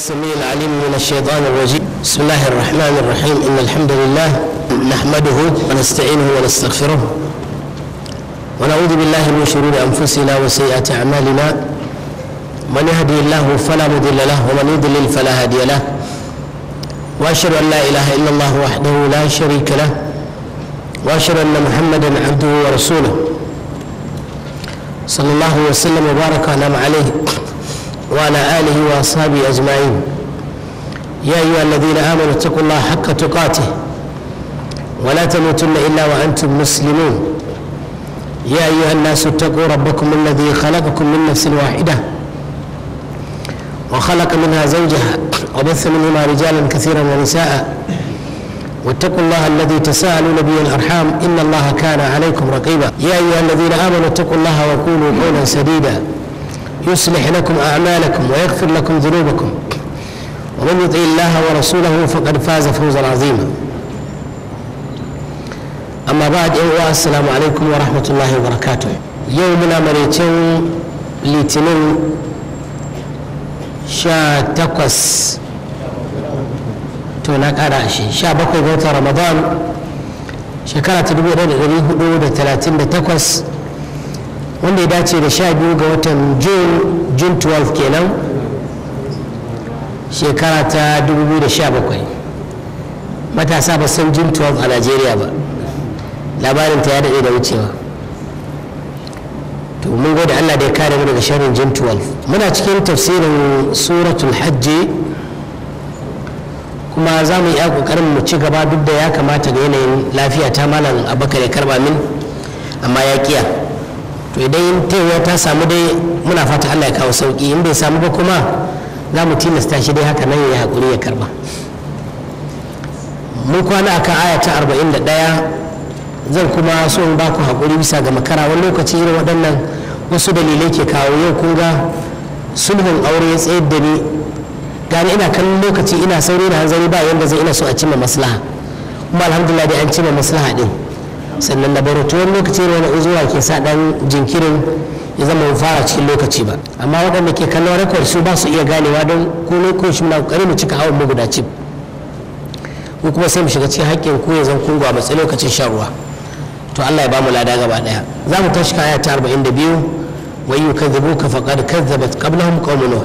السميع العليم من الشيطان الرجيم بسم الله الرحمن الرحيم إن الحمد لله نحمده ونستعينه ونستغفره ونعوذ بالله من شرور أنفسنا وسيئات أعمالنا من يهدي الله فلا مضل له ومن يضلل فلا هادي له وأشهد أن لا إله إلا الله وحده لا شريك له وأشهد أن محمدا عبده ورسوله صلى الله وسلم وبارك عليه وعلى آله وأصحابه أجمعين يا أيها الذين آمنوا اتقوا الله حق تقاته ولا تموتن إلا وأنتم مسلمون يا أيها الناس اتقوا ربكم الذي خلقكم من نفس واحدة وخلق منها زوجها وبث منهما رجالا كثيرا ونساء واتقوا الله الذي تساءلون به الارحام ان الله كان عليكم رقيبا يا ايها الذين امنوا اتقوا الله وقولوا قولا سديدا يصلح لكم أعمالكم ويغفر لكم ذنوبكم ومن يطع الله ورسوله فقد فاز فوزا عظيما أما بعد ايها السلام عليكم ورحمة الله وبركاته يومنا مريتين لتنين شا takwas to na kara shi sha bakwai ga watan ramadan shekara ta wanda ya dace da sha biyu ga watan june 12 kenan shekara ta 2017 matasa ba san june 12 a najeriya ba labarin ta ya daɗe da wucewa to mun gode allah da ya kare mu daga sharrin june 12 muna cikin tafsirin suratul hajji kuma za mu iya ƙoƙarin mu ci gaba duk da ya kamata ga yanayin lafiya ta malam abakar ya karba min amma ya kiya to idan taiwa ta samu dai muna fata allah ya kawo sauki in bai samu ba kuma za mu tilasta shi dai haka nan ya haƙuri ya karba mun kwana akan aya ta 41 zan kuma so in ba ku haƙuri bisa ga makara wani lokaci irin waɗannan wasu dalilai ke kawo yau kun ga sulhun aure ya tsayar da ni gani ina kan lokaci ina sauri na hanzari ba yanda zai ina so a cimma maslaha kuma alhamdulillah dai an cimma maslaha din sannan da baro tuwon lokaci ne wani zuwa ke sa dan jinkirin ya zama mu fara cikin lokaci ba amma waɗanda ke kallon rekod su ba su iya ganewa don ko ne ko shi muna kokari mu cika awon mu guda cif ko kuma sai mu shiga cikin hakkin ko ya zan kungo a matsayin lokacin shan ruwa to Allah ya bamu lada gaba daya za mu tashi kaya ta 42 wa yukadzibuka faqad kazzabat qablahum qaumun nuh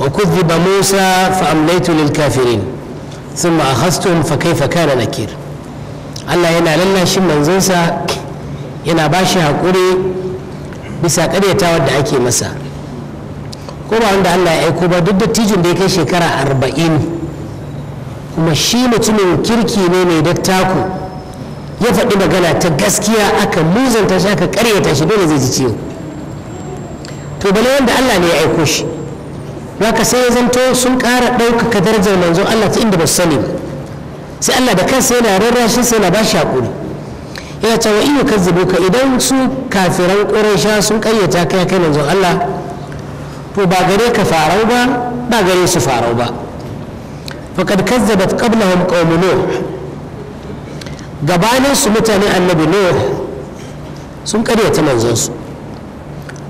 وكذب موسى فأمليت للكافرين ثم أخذتهم فكيف da نكير Allah yana lallashin manzonsa yana ba shi haƙuri bisa ƙaryatawar da ake masa ko ba wanda Allah ya aiko ba duk dattijin da ya kai shekara arba'in kuma shi mutumin kirki ne mai dattaku ya faɗi magana ta gaskiya aka muzanta shi aka ƙaryata shi dole zai ji ciwo to bale wanda Allah ne ya aiko shi zaka sai ya zanto sun kara ɗaukaka darajar manzon Allah ta inda ba su sani ba sai Allah da kansa yana rarrashi sai na bashi hakuri yana cewa in ka idan su kafiran ƙuraysha sun ƙayyata kai kai manzon Allah to ba gare ka farau ba ba gare su farau ba faqad kazzabat qablahum qaum nuh gabanin su mutane annabi nuh sun ƙaryata manzon su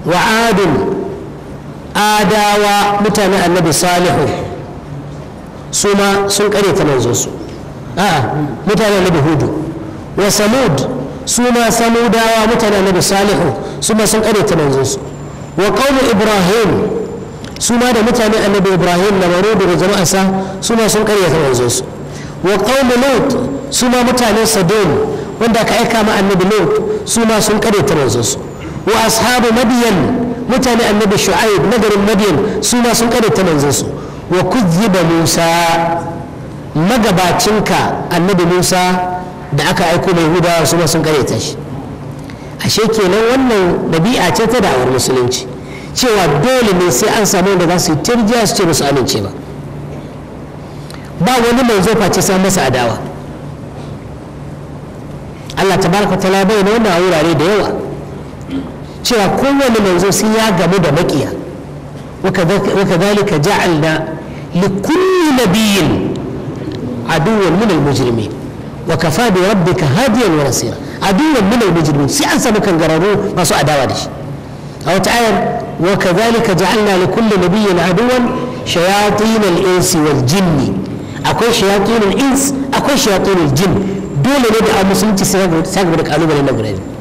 wa adun adawa mutane annabi salihu su ma sun karyata manzo su a'a mutane annabi hudu wa samud su ma samudawa mutane annabi salihu su ma sun karyata manzo su wa qaumi ibrahim su ma da mutane annabi ibrahim da marudu da jama'arsa su ma sun karyata manzo su wa qaumi lut su ma mutanen sadon wanda ka aika ma annabi lut su ma sun karyata manzo su wa ashabu madiyan mutane annabi shu'aib na garin Madiyan su ma sun karyata manzansu wa kuzziba musa magabacinka annabi musa da aka aiko mai hudawa su ma sun karyata shi ashe kenan wannan dabi'a ce ta da'awar musulunci cewa dole ne sai an samu da za su yi tirjiya su ce musu amince ba ba wani mai zo face sai masa adawa Allah tabaraka ta labai na wannan wurare da yawa cewa kowane manzo sai ya gamu da makiya wakadhalika ja'alna likulli nabiyyin aduwwan min al-mujrimin wa kafa bi rabbika hadiyan wa nasira aduwwan min al-mujrimin sai an samu kangararru masu adawa da shi a wata ayar wa kadhalika ja'alna likulli nabiyyin aduwwan shayatin al-insi wal jinni akwai shayatin al-ins akwai shayatin al-jinn dole ne da musulunci sai ga da kalubale na guda biyu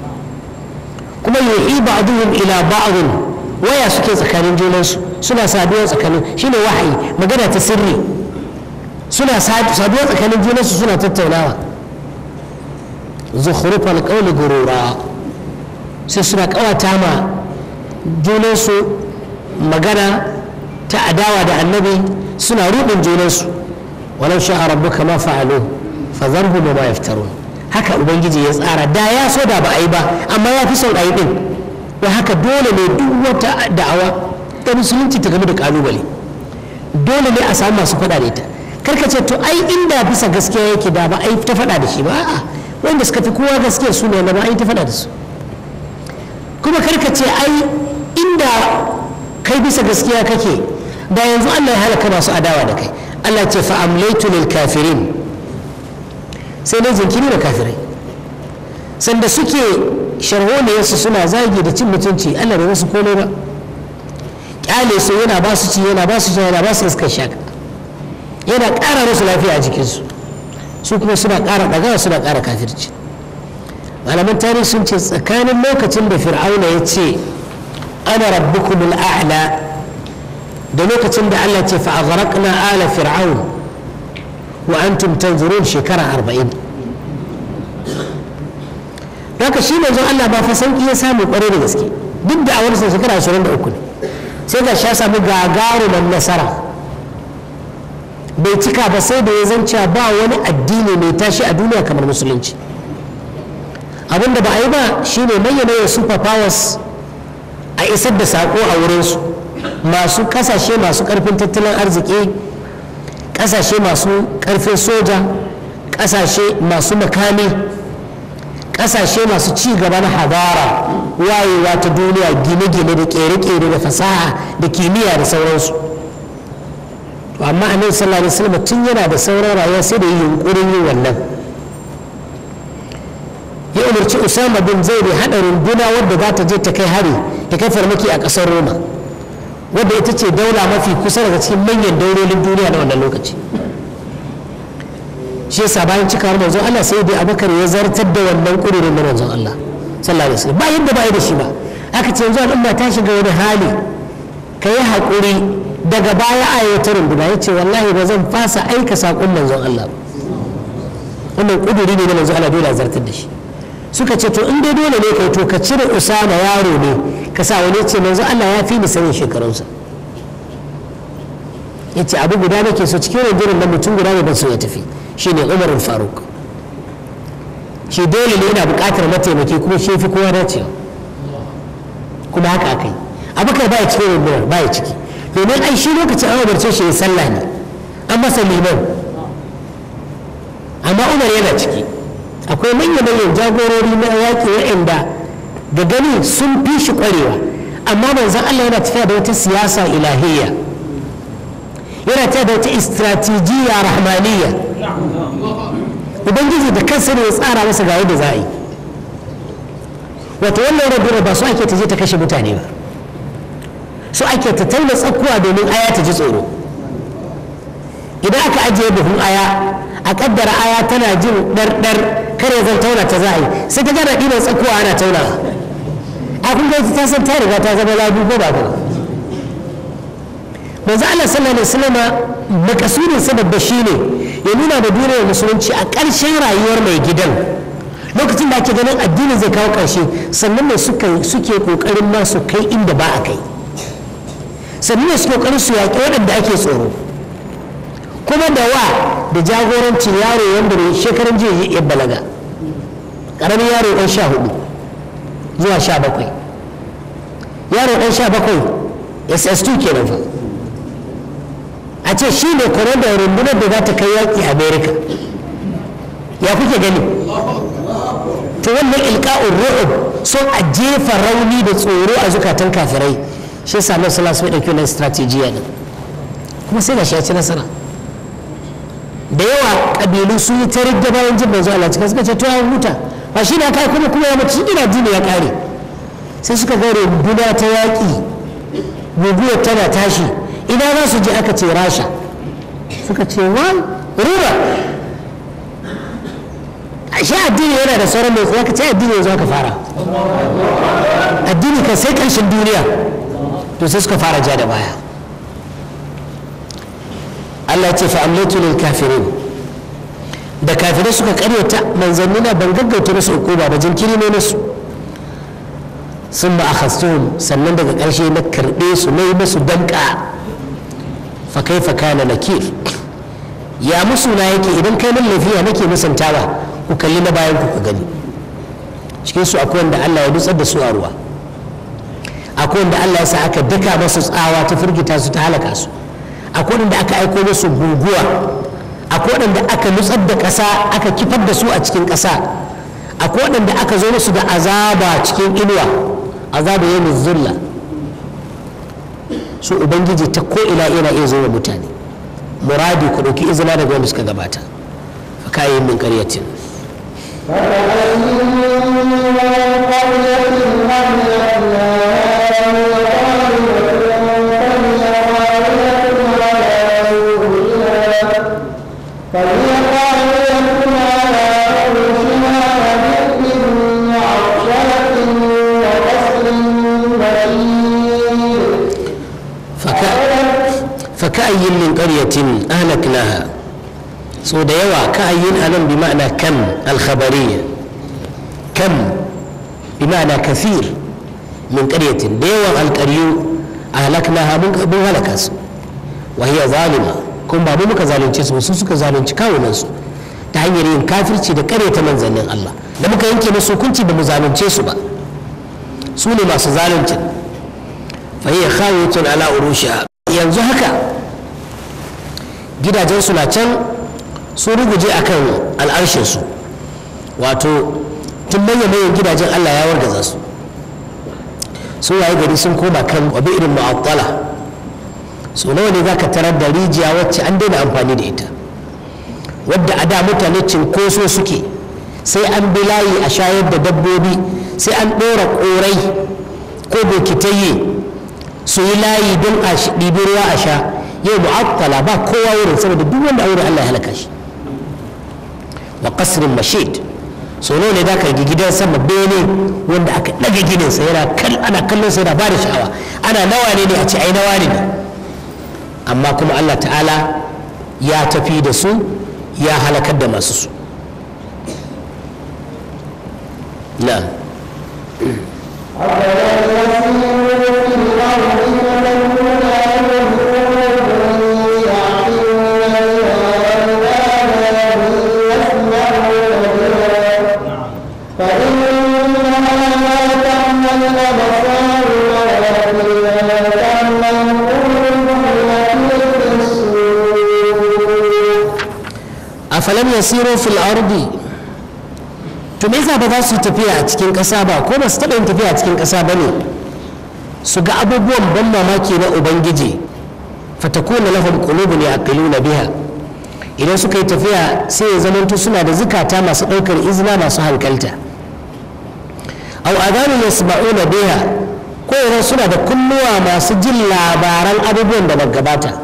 kuma yuhi ba'dhum ila ba'd waya suke tsakanin junansu suna saduwa tsakanin shine wahayi magana ta sirri suna saduwa tsakanin junansu suna tattaunawa zukhrufal qawli gurura sai suna kawata ma junansu magana ta adawa da annabi suna rudin junansu walau sha'a rabbuka ma fa'alu fadharhum ma yaftarun haka ubangiji ya tsara da ya so da ba a yi ba amma ya fi son a yi din da haka dole ne duk wata da'awa ta musulunci ta game da kalubale dole ne a samu masu faɗa da ita karka ce to ai inda bisa gaskiya yake da ba ai ta faɗa da shi ba a'a wanda suka fi kowa gaskiya su ne ba ai ta faɗa da su kuma karka ce ai inda kai bisa gaskiya kake da yanzu Allah ya halaka masu adawa da kai Allah ce fa amlaitu lil kafirin sai dai jinkiri da kafirai sanda suke sharholiyarsu suna zagi da cin mutunci allah da wasu komai ba kyale su yana ba su ci yana ba su ci yana ba su iskar shaka yana ƙara rasu lafiya a jikinsu su kuma suna ƙara ɗagawa suna ƙara kafirci malaman tarihi sun ce tsakanin lokacin da fir'auna ya ce ana rabbukumul a'la da lokacin da allah ce fa'agharaqna ala fir'auna. wa antum tanzurun shekara arba'in haka shi zan Allah ba fa sauki ya samu kwarai da gaske duk da awar sa shekara 23 ne sai ga sha samu gagaruman nasara bai cika ba sai da ya zance ba wani addini mai tashi a duniya kamar musulunci abinda ba a yi ba shine bayyana ya super powers a isar da sako a wurinsu masu kasashe masu karfin tattalin arziki ƙasashe masu ƙarfin soja ƙasashe masu makami ƙasashe masu ci gaba na hadara wayewa ta duniya gine-gine da ƙere-ƙere da fasaha da kimiyya da sauransu amma a nan alaihi wasallam tun yana da sauran rayuwa sai da yi yunkurin yin wannan ya umarci usama bin zaid haɗa runduna wadda za ta je ta kai hari ta kai farmaki a ƙasar roma wadda ita ce daula mafi kusa daga cikin manyan daulolin duniya na wannan lokaci shi yasa bayan har manzon Allah sai dai Abubakar ya zartar da wannan kudurin na manzon Allah sallallahu alaihi wasallam ba yadda ba da shi ba aka ce yanzu al'umma ta shiga wani hali ka yi haƙuri daga baya a yi ta ya ce wallahi ba zan fasa aika saƙon manzon Allah ba wannan kuduri ne na manzon Allah dole a zartar da shi suka ce to in dai dole ne kai to ka cire Usama yaro ne ka sa wani ce manzo Allah ya fi ni sanin shekarunsa ya ce abu guda nake so cikin rundunar da mutum guda ne ban so ya tafi shine umar faruk shi dole ne yana buƙatar mataimaki kuma shi fi kowa dacewa kuma haka aka yi abubakar baya cikin rundunar baya ciki domin ai shi lokacin an umarce shi ya sallah ne an masa liman amma umar yana ciki akwai manya-manyan jagorori na yaƙi waɗanda da gani sun fi shi kwarewa amma manzon Allah yana tafiya da wata siyasa ilahiyya yana tafiya da wata istratijiyya rahmaniyya ubangiji da kansa ne ya tsara masa ga yadda za a yi Wata wannan rabura ba su ake ta je ta kashe mutane ba su ake ta tauna tsakuwa domin aya ta ji tsoro idan aka ajiye buhun aya a kaddara aya tana jin ɗarɗar kare zan tauna ta za a yi sai ta gana ɗiban tsakuwa ana tauna kafin kai ta san ta riga ta zama labu ko ba kana manzo Allah sallallahu alaihi wasallam makasudin sabab shi ne ya nuna da duniyar musulunci a ƙarshen rayuwar mai gidan lokacin da ake ganin addinin zai kawo ƙarshe sannan ne suke kokarin ma su kai inda ba a kai sannan ne suke ƙoƙarin su yaƙi waɗanda ake tsoro kuma da wa da jagorancin yaro wanda ne shekarun jiya ya balaga ƙaramin yaro ɗan sha hudu zuwa sha bakwai yaro ɗan sha bakwai ss2 nan fa a ce shi ne da rundunar da za ta kai yaƙi america ya kuke gani ta wannan ilka'un ru'ub sun a jefa rauni da tsoro a zukatan kafirai shi yasa nan sallallahu alaihi wasallam ɗauki strategiya ne kuma sai da shi ya ci nasara da yawa ƙabilu sun yi tarin rigga bayan jin manzo Allah cikin suka ce to ya huta ba shi ne aka kuma kuma ya mutu shi ina jini ya ƙare. sai suka ga runduna ta yaƙi guguwar tana tashi ina za su je aka ce rasha suka ce wa rura ashe addini yana da sauran mai zaka ce addini yanzu aka fara addini kan sai ƙarshen duniya to sai suka fara ja da baya Allah ce fa amlatu lil kafirin da kafirai suka karyata manzanni ban gaggauta musu hukuma ba jinkiri ne na su. sun ba a sannan daga ƙarshe na karɓe su na yi musu danƙa fa kai fa kana nakir ya musu na yake idan kai nan lafiya nake musantawa ku kalli na bayan ku gani cikin su akwai wanda Allah ya dutsar da su a ruwa akwai wanda Allah ya sa aka daka masu tsawa ta firgita su ta halaka su akwai wanda aka aiko masu guguwa akwai wanda aka nutsar da ƙasa aka kifar da su a cikin ƙasa akwai waɗanda aka zo musu da azaba cikin inuwa azabu yawmi zulla su ubangiji ta ko ina yana iya zo wa mutane muradi ku ɗauki izina daga wanda suka gabata fa kayin min qaryatin فكأي anan قرية أهلكناها سو ديوا كأي ألم بمعنى كم الخبرية كم بمعنى كثير من قرية ديوا القريو أهلكناها من هلكاس وهي ظالمة muka zalunce su ظالم تيسو zalunci kawunan su. ta hanyar yin kafirci da karyata manzannin Allah da muka yanke musu hukunci ba mu zalunce su ba su ne masu zalunci fa hiya khawiyatun ala urushiha yanzu haka gidajensu na can sun ruguje a kan al'arshinsu wato tun manya manyan gidajen allah ya wargaza su sun waye gari sun koma kan wabi irin mu'attala so nawa ne za ka tarar da rijiya wacce an daina amfani da ita wadda a da mutane cinkoso suke sai an bi layi a shayar da dabbobi sai an ɗora ƙorai ko bokitaye su yi layi don a ɗibi ruwa a sha yau mu'attala ba kowa wurin saboda duk wanda aure wurin Allah ya halaka shi wa qasrin mashid so ne da ka gidan sama bene wanda aka daga gidan sa yana kal ana kallon sa yana ba da sha'awa ana nawa ne ne a ce ai nawa ne amma kuma Allah ta'ala ya tafi da su ya halakar da masu su na afalam yasiru fil ardi to me yasa ba za su tafiya a cikin ƙasa ba ko ba su taɓa yin tafiya a cikin ƙasa ba ne su ga abubuwan ban mamaki na ubangiji fatakuna lahum qulubun yaqiluna biha idan suka yi tafiya sai ya zamantu suna da zukata masu ɗaukar izina masu hankalta au adanu yasma'una biha ko idan suna da kulluwa masu jin labaran abubuwan da gabata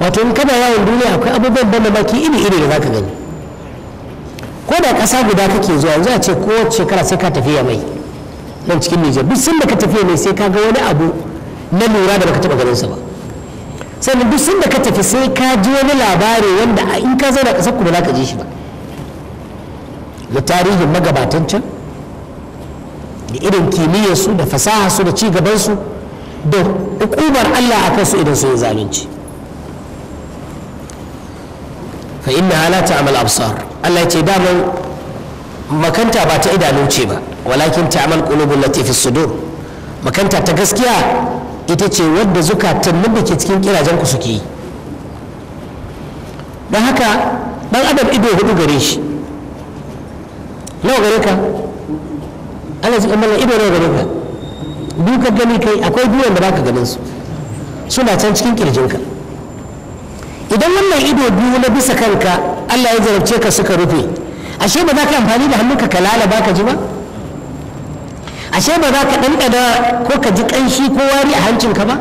wato in kana yawon duniya akwai abubuwan ban baki iri iri da za ka gani ko da ƙasa guda kake zuwa za a ce kowace shekara sai ka tafiya mai nan cikin Nijar duk sanda ka tafiya mai sai ka ga wani abu na lura da baka taɓa ganin sa ba sannan duk sanda ka tafi sai ka ji wani labari wanda in ka zauna ƙasar ku ba za ka ji shi ba da tarihin magabatan can da irin kimiyyarsu da fasaha su da ci su da hukumar Allah a su idan sun yi zalunci fa inna la ta'mal absar Allah ya ce daman makanta ba ta idanu ce ba walakin ta'mal qulubul lati fi sudur makanta ta gaskiya ita ce wadda zukatan nan da ke cikin kirajen ku suke yi dan haka dan adam ido hudu gare shi nawa gare ka Allah zai kammala ido nawa gare ka duka gani kai akwai biyan da baka ganin su suna can cikin kirjinka idan wannan ido biyu na bisa kanka Allah ya zarafce ka suka rufe ashe ba za ka amfani da hannunka ka ba ka ji ba ashe ba za ka ɗanɗana ko ka ji ƙanshi ko wari a hancinka ba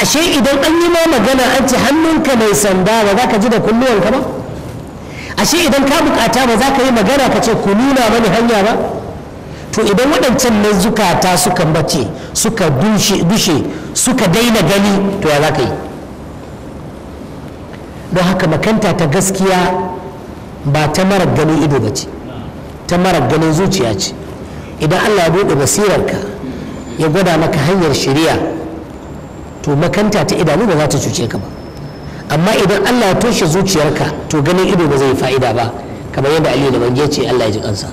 ashe idan an yi ma magana an ce hannunka mai sanda ba za ka ji da kulluwanka ba ashe idan ka bukata ba za ka yi magana ka ce ku nuna mani hanya ba to idan waɗancan na zukata suka mace suka dushe suka daina gani to ya za ka yi don haka makanta ta gaskiya ba ta mara ganin ido ba ce ta mara ganin zuciya ce idan allah ya buɗe basirarka ya gwada maka hanyar shari'a to makanta ta idanu ba za ta cuce ka ba amma idan allah ya toshe zuciyarka to ganin ido ba zai fa'ida ba kamar yadda aliyu da bange ce allah ya ji kansa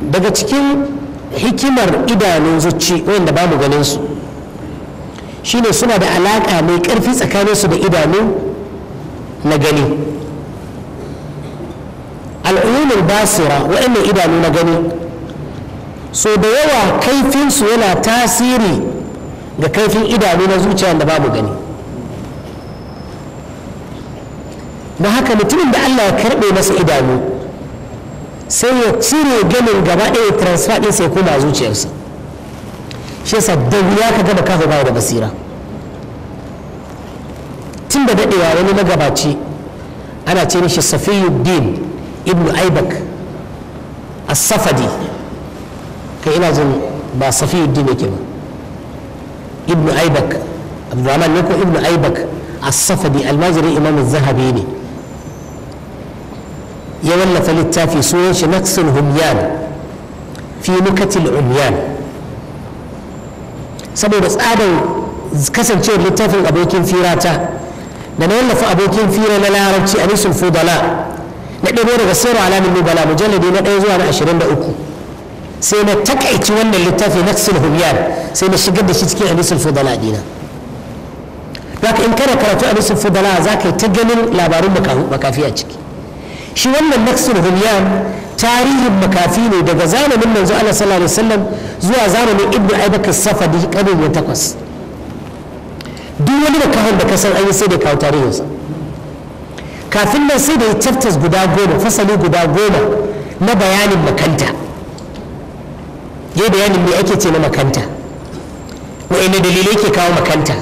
daga cikin hikimar idanun zuci wanda ba mu ganin su shine suna da alaƙa mai ƙarfi tsakaninsu da idanu na gani al'ummar basira waɗannan idanu na gani so da yawa kaifinsu yana tasiri ga kaifin idanu na zuciya da babu gani da haka mutumin da allah ya karɓe masa idanu sai ya cire ganin gaba ɗaya transfer ɗin ya kuma zuciyarsa shi yasa da wuya ka gaba kafa ba da basira tun da daɗewa wani magabaci ana ce mishi safiyuddin ibnu aibak as-safadi kai ina jin ba safiyuddin yake ba ibnu aibak abdurrahman ne ko ibnu aibak as-safadi almajirin imam zahabi ne ya wallafa littafi sunan shi naqsul humyan fi nukatil umyan saboda tsadan kasancewar littafin abokin firata ta da na wallafa abokin fira na larabci a nisan fudala na ɗaya daga sayar alamin nubala mujalladi na ɗaya zuwa na ashirin da uku sai na takaici wannan littafi na sulhumiyar sai na shigar da shi cikin anisul fudala dina zaka in kana karatu anisul fudala za ka yi ta ganin labarin makafi a ciki shi wannan naksul humyan tarihin makafi ne daga zamanin manzo Allah sallallahu alaihi wasallam zuwa zamanin ibnu aibakar safadi karni ya takwas duk wani makafin da kasan an yi sai da kawo tarihinsa kafin nan sai da ya chapters guda goma fasali guda goma na bayanin makanta ya bayanin me ake ce na makanta wa'ina dalilai ke kawo makanta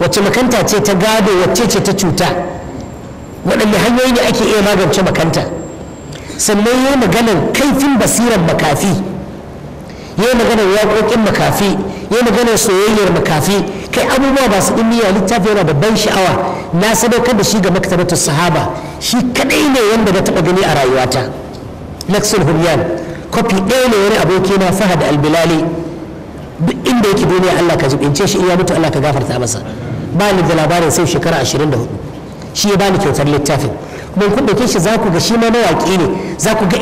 wacce makanta ce ta gado wacce ce ta cuta waɗanne hanyoyi ne ake iya magance makanta sannan ya maganar kaifin basirar makafi ya maganar waƙoƙin makafi ya maganar soyayyar makafi kai abubuwa ba su ɗin littafi yana da ban sha'awa na sadaukar da shi ga maktabatu sahaba shi kaɗai ne wanda na taba gani a rayuwata laksul hunyan kofi ɗaya ne wani aboki na fahad albilali duk inda yake duniya allah ka zubince shi iya mutu allah ka gafarta masa ba ni da labarin sau shekara ashirin 24 shi ya bani kyautar littafin من كل زاكو غشيما مواكيني زاكو غا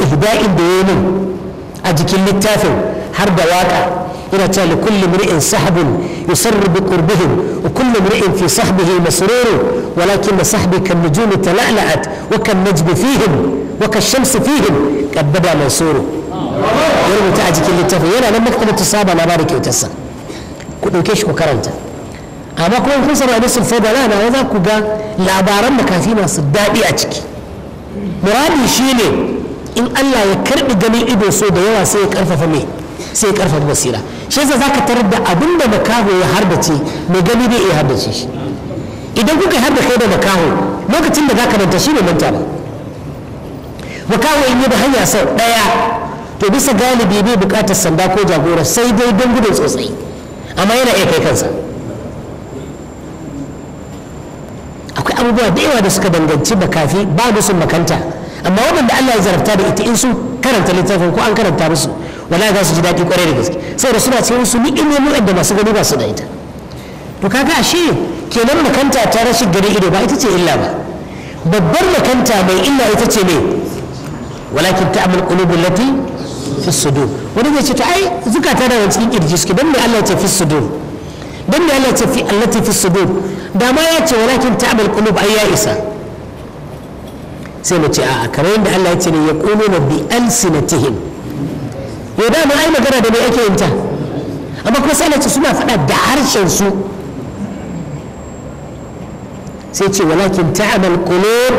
إهداء حرب واقع إلى تال كل امرئ سحب يسر بقربهم وكل امرئ في صحبه مسرور ولكن صحبي كالنجوم تلألأت وكالنجم فيهم وكالشمس فيهم قد بدأ منصور. يرمو تاجي كل التافل ينا لم نكتب التصابة نبارك يتسا كل دوكيش كو كرنتا amma kuma kun san da fadala na za ku ga labaran makafi masu daɗi a ciki muradi shine in Allah ya karbi ganin ido so da yawa sai ya karfafa mai sai ya karfafa basira shi yasa ka tarar da abin da makaho ya hardace mai gani bai iya hardace shi idan kuka harda kai da makaho lokacin da za ka manta shi ne manta ba makaho in yi da hanya sau ɗaya to bisa galibi bai bukatar sanda ko jagora sai dai don gudun tsotsai amma yana iya kai kansa akwai abubuwa da yawa da suka danganci makafi ba da sun makanta amma waɗanda Allah ya zarafta da ita in su karanta littafin ko an karanta musu wala za su ji daɗi kwarai da gaske da suna cikin su ni'imomin da masu gani ba su da ita to kaga ashe kenan makanta ta rashin gani ido ba ita ce illa ba babbar makanta mai illa ita ce ne walakin ta'amul qulubul lati fi sudur wani zai ce to ai zukata da cikin kirji suke dan me Allah ya ce fi sudur don da Allah tafi Allah fi sudur da ma ya ce walakin ta'amal qulub ai ya isa sai mu ce a'a kamar yadda Allah ya ce ne yaquluna bi alsinatihim ya da ma ai magana da me ake yin ta amma kuma sai ce suna faɗa da harshen su sai ce walakin ta'amal qulub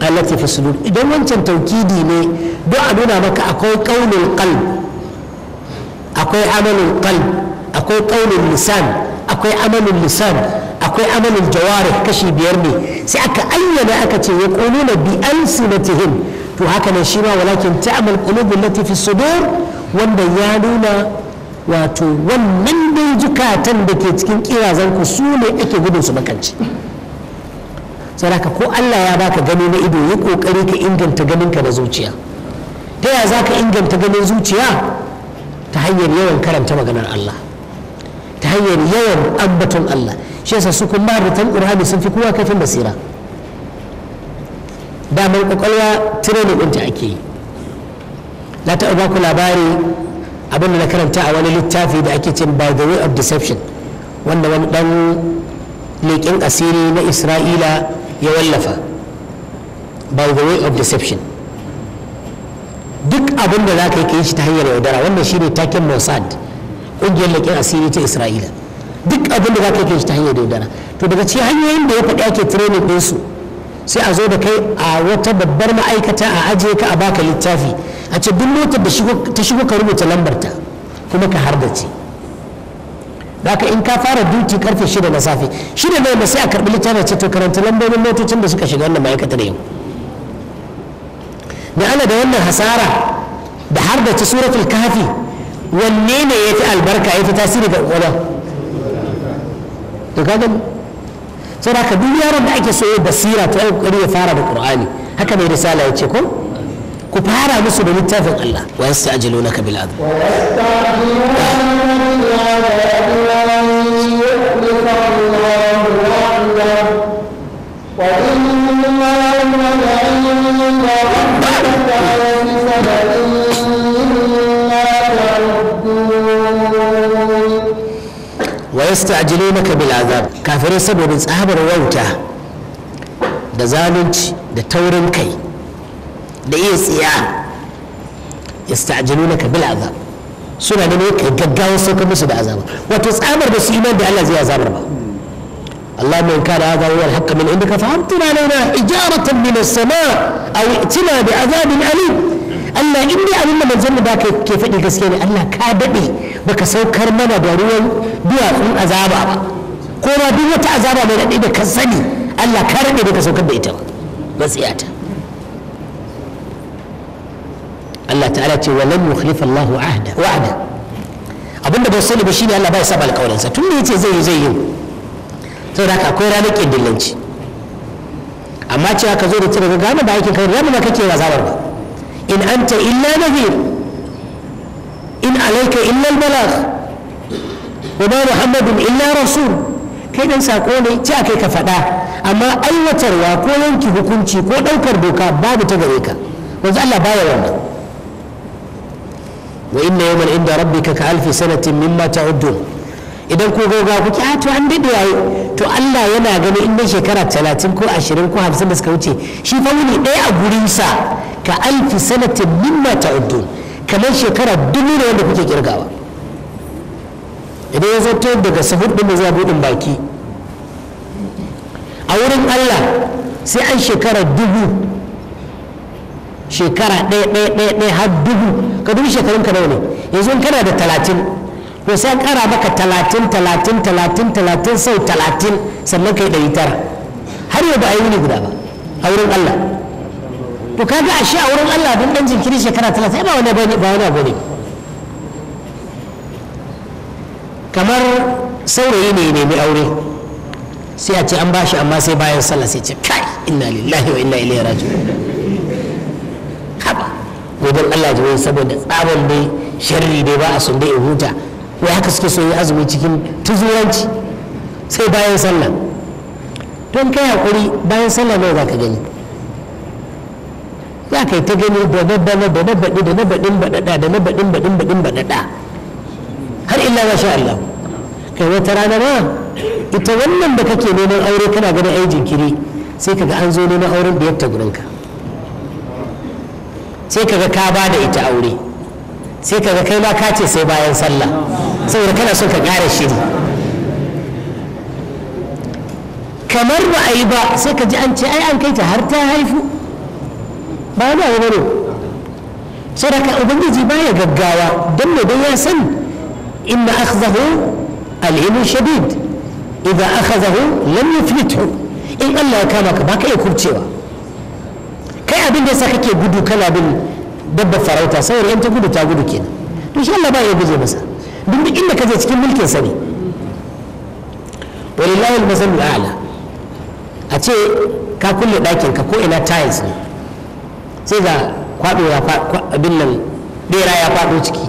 allati fi sudur idan wancan taukidi ne do a nuna maka akwai qaulul qalb akwai amalul qalb akwai ƙaunin lisan akwai amalin lisan akwai amalin jawarih kashi biyar ne sai aka ayyana aka ce ya na bi alsinatihim to haka ne shi ma walakin ta'amal qulubul lati fi sudur wanda ya nuna wato wannan dai jukatan da ke cikin kirazan ku su ne ake gudun su makanci ko Allah ya baka gani na ido yi kokari ka inganta ganinka da zuciya ta ya ka inganta ganin zuciya ta hanyar yawan karanta maganar Allah ta hanyar yawan ambaton Allah shi yasa su kuma mahaifin ƙur'ani sun fi kowa kaifin basira damar ƙwaƙwalwa training ɗinta ake yi na taɓa baku labari da na karanta a wani littafi da ake cin by the way of deception wanda wani ɗan leƙin asiri na isra'ila ya wallafa by the way of deception duk abin da za ka yi ka yi shi ta hanyar yaudara wannan shine taken mossad ƙungiyar leƙen asiri ta isra'ila duk abin da za ka shi ta hanyar yaudara to daga cikin hanyoyin da ya faɗi ake training ɗinsu sai a zo da kai a wata babbar ma'aikata a ajiye ka a baka littafi a ce duk motar da ta shigo ka rubuta lambarta kuma ka ce haka in ka fara duti karfe shida na safe shida na yamma sai a karɓi littafin ce to karanta lambobin motocin da suka shiga wannan ma'aikatar yau da ana da wannan hasara da hardace suratul kafi wanne ne ya fi albarka ya fi tasiri ga ƙwaƙwalwa to kaga saboda haka duk yaron da ake so ya basira ta yi ƙoƙari ya fara da ƙur'ani haka mai risala ya ce ko ku fara musu da littafin Allah wa yasta'jilunaka bil adab wa yasta'jilunaka bil adab wa inna يستعجلونك بالعذاب كافر سبب صاحب الروتا ده زالنتي ده تورن كي ده إيه يستعجلونك بالعذاب سنة نبيك قدقاو سوك مسو ده عذاب واتو صاحب بس زي عذاب ربا اللهم إن كان هذا هو الحق من عندك فأمتنا علينا إجارة من السماء أو ائتنا بعذاب أليم Allah in dai abin da manzon da baka ke faɗi gaskiya ne Allah ka daɗe baka saukar mana da ruwan duwatsun azaba ba ko ma duk wata azaba mai daɗe da ka sani Allah ka daɗe baka saukar da ita ba ta. Allah ta'ala ce wa lam yukhlifa Allahu ahda wa'ada abinda ba sani ba shine Allah bai saba alƙawarinsa tun da yace zai yi zai yi saboda haka akwai ranar ƙindillanci amma cewa ka zo da cire gama ba aikin kai gama ba kake azabar ba إن أنت إلا نذير إن عليك إلا البلاغ وما محمد إلا رسول كيف أنسى كوني تأكي كفتا أما أي وطر واكو ينكي حكومتي كو دوكر دوكا باب تغريكا وذا الله بايا وإن يوما عند ربك كألف سنة مما تعدون idan ko gauga kuke a ah, to an dade yayi to Allah yana gani in da shekara 30 ko 20 ko 50 da suka wuce shi fa wuni ɗaya a gurinsa ka alfi sanatin mimma uddu kamar shekara dubu ne wanda kuke kirgawa idan ya zato daga sahur din da zai buɗin baki a wurin Allah sai an shekara dubu shekara ɗaya ɗaya ɗaya har dubu ka dubu shekarun ka nawa ne yanzu kana da talatin to sai kara maka talatin talatin talatin talatin sau talatin sannan kai ɗari tara har yau ba a yi wuni guda ba a wurin Allah to kaga ashe a wurin Allah don ɗan jinkiri shekara talatin ba wani ba wani abu ne kamar saurayi ne nemi aure sai a ce an bashi amma sai bayan sallah sai ce kai inna lillahi wa inna ilaihi raji'un haba gobin Allah ji saboda tsaban dai sharri dai ba a sunde in huta ya haka suke so yi azumi cikin tuzuranci sai bayan sallah don kai hakuri bayan sallah ne za ka gani za ka yi ta gani da na bana da na baɗi da na baɗin baɗaɗa da na baɗin baɗin baɗin baɗaɗa har illa ma sha Allah kai wata rana ma ita wannan da kake neman aure kana ganin ai jinkiri sai kaga an zo neman auren da yatta gurinka sai kaga ka ba da ita aure sai kaga kai ma ka ce sai bayan sallah saboda kana son ka ƙara shiri kamar ba a yi ba sai ka ji an ce ai an kai ta har ta haifu ba wani abu bane saboda ubangiji baya gaggawa don me don ya sani inna akhzahu al'ilu shadid idan akhzahu lam yuflithu in Allah ya kama ka ba ka iya kurcewa kai abin da yasa kake gudu kana bin dabba farauta saboda yan ta gudu ta gudu kenan to shi Allah ba ya guje masa duk inda kaje cikin mulkin sa ne walillahi al-masalu a'la a ce ka kulle dakin ka ko ina tiles ne sai ga kwado ya abin nan bera ya faɗo ciki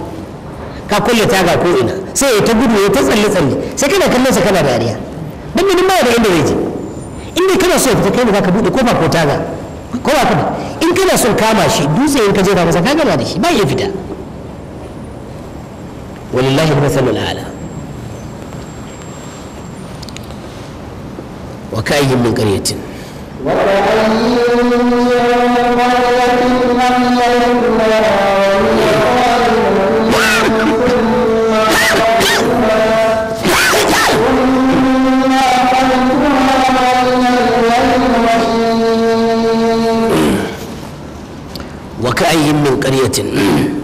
ka kulle taga ko ina sai ya ta gudu ya ta tsalle tsalle sai kana kallon sa kana dariya dan ne ba da inda zai je in ne kana so ka kai ne ka bude ba ko taga ko ba in kana son kama shi dutse in ka je ba ka gana da shi ba ya fita ولله المثل الأعلى وكأي من قرية وكأي من قرية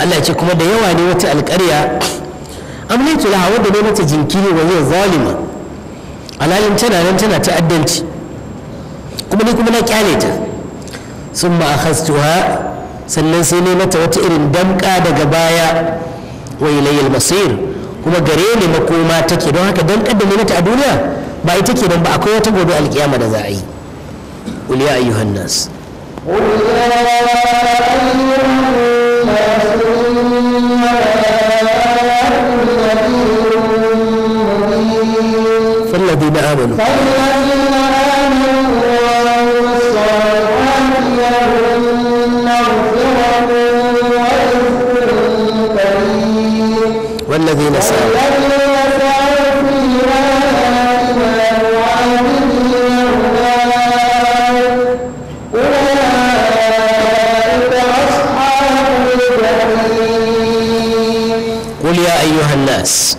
Allah ce kuma da yawa ne wata alƙarya amlaitu laha wadda ne mata jinkiri wa yau zalima alalin tana nan tana ta'addanci kuma ni kuma na kyale ta sun ma akhastuha sannan sai ne mata wata irin damƙa daga baya wa ilayil masir kuma gare ne makoma take don haka damƙar da ne mata a duniya ba ita ke don ba akwai wata gobe alƙiyama da za a yi قل يا قل يا أيها فالذين آمنوا فالذين آمنوا وعملوا الصالحات لهم مغفرة ورزق كريم والذين سعوا nas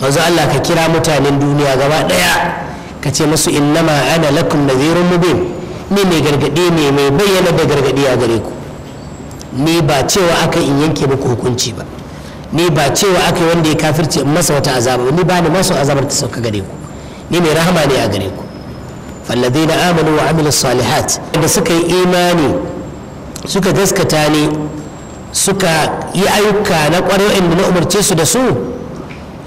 manzo Allah ka kira mutanen duniya gaba daya ka ce musu innama ana lakum nadhirun mubin ni mai gargadi ne mai bayyana da gargadi a gare ku ni ba cewa aka in yanke muku hukunci ba ni ba cewa aka wanda ya kafirce in masa wata azaba ni ba ni masu azabar ta sauka gare ku ni mai rahama ne a gare ku na amanu wa amina salihat da suka yi imani suka gaskata ne suka yi ayyuka na kwarai inda na umarce su da su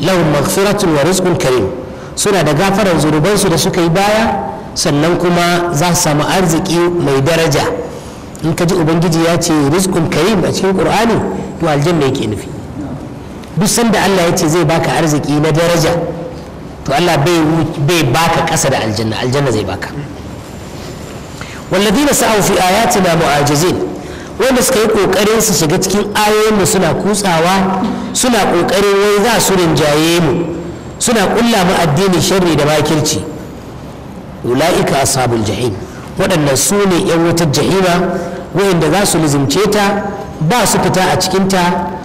lahum maghfiratun wa rizqun karim suna da gafarar su da suka yi baya sannan kuma za su samu arziki mai daraja in ka ji ubangiji ya ce rizqun karim a cikin qur'ani to aljanna yake nufi duk sanda Allah ya ce zai baka arziki na daraja to Allah bai baka ƙasa da aljanna aljanna zai baka والذين سعوا في آياتنا معاجزين wanda suka yi kokarin su shiga cikin ayoyin mu suna kutsawa suna kokarin wai za su rinjaye mu suna kulla mu addini sharri da makirci ula'ika ashabul jahim waɗannan su ne yan wutar jahima wayanda za su lizimce ta ba su fita a cikin ta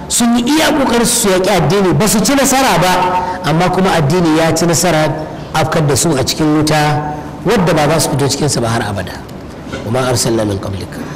sun yi iya kokarin su yaƙi addini ba su ci nasara ba amma kuma addini ya ci nasara afkar da su a cikin wuta wadda ba za su fito sa ba har abada kuma أرسلنا من قبلك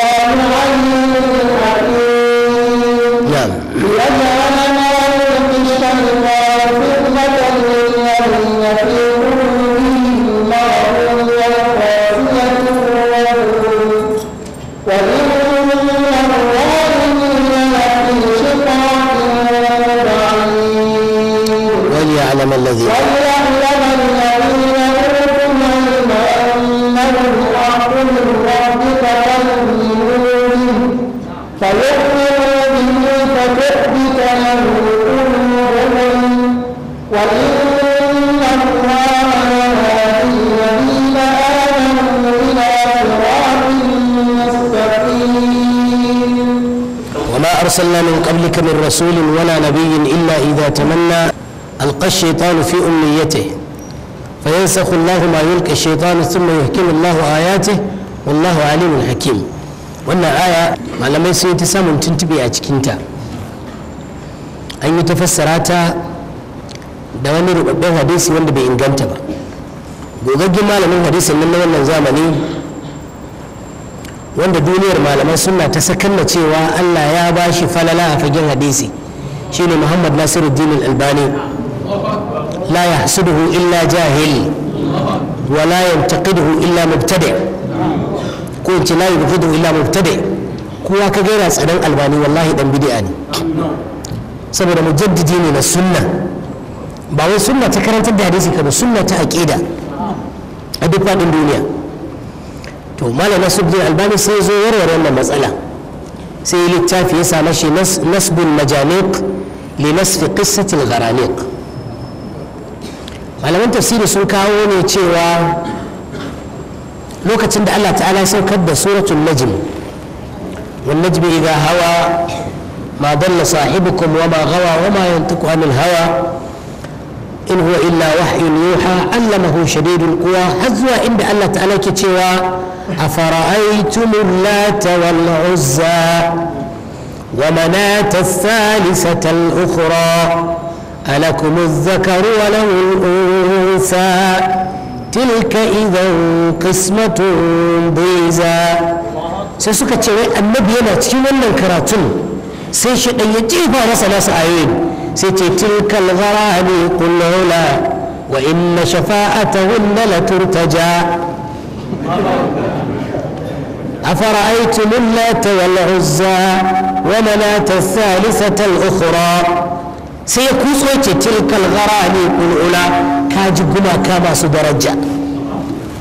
per الشيطان في أمنيته فينسخ الله ما يلقي الشيطان ثم يحكم الله آياته والله عليم حكيم wannan aya malamai sun yi ta samun tuntube a cikinta an yi tafassara ta da wani rubabben hadisi wanda bai inganta ba gogaggen malamin hadisin nan na wannan zamani wanda duniyar malamai suna ta sakanna cewa allah ya ba shi falala a fagen hadisi shine muhammad nasiruddin albani لا يحسده إلا جاهل ولا ينتقده إلا مبتدئ كنت لا يبغضه إلا مبتدئ كوا كغير أسألان ألباني والله دم بدئاني سبب مجددي من السنة باوي سنة تكرنت الحديث كما سنة أكيدة أدوك بعد الدنيا to malam nasiruddin albani sai zo warware wannan matsala sai littafi ya same shi nasbul majaniq li nasfi qissati al-gharaniq malaman tafsiri sun kawo ne cewa lokacin da Allah ta'ala ya saukar da suratul najm wal najmi idha hawa ma dalla sahibukum wa ma ghawa wa ma yantiqu anil hawa in huwa illa wahyun yuha allamahu shadidul quwa hazwa inda Allah ta'ala ke cewa afara'aytum lata wal uzza wa manat al-thalithata al-ukhra ألكم الذكر وله الأنثى تلك إذا قسمة ضيزى سيسوكا تشوي النبي لا تشوي من الكراتون سيشد أن يجيبها نصا نصا عين سيتي تلك الغرام قل هلا وإن شفاءتهن لترتجى أفرأيتم اللات والعزى ومناة الثالثة الأخرى sai ya kutso ce tilkal ne ulula ka ji gumaka masu daraja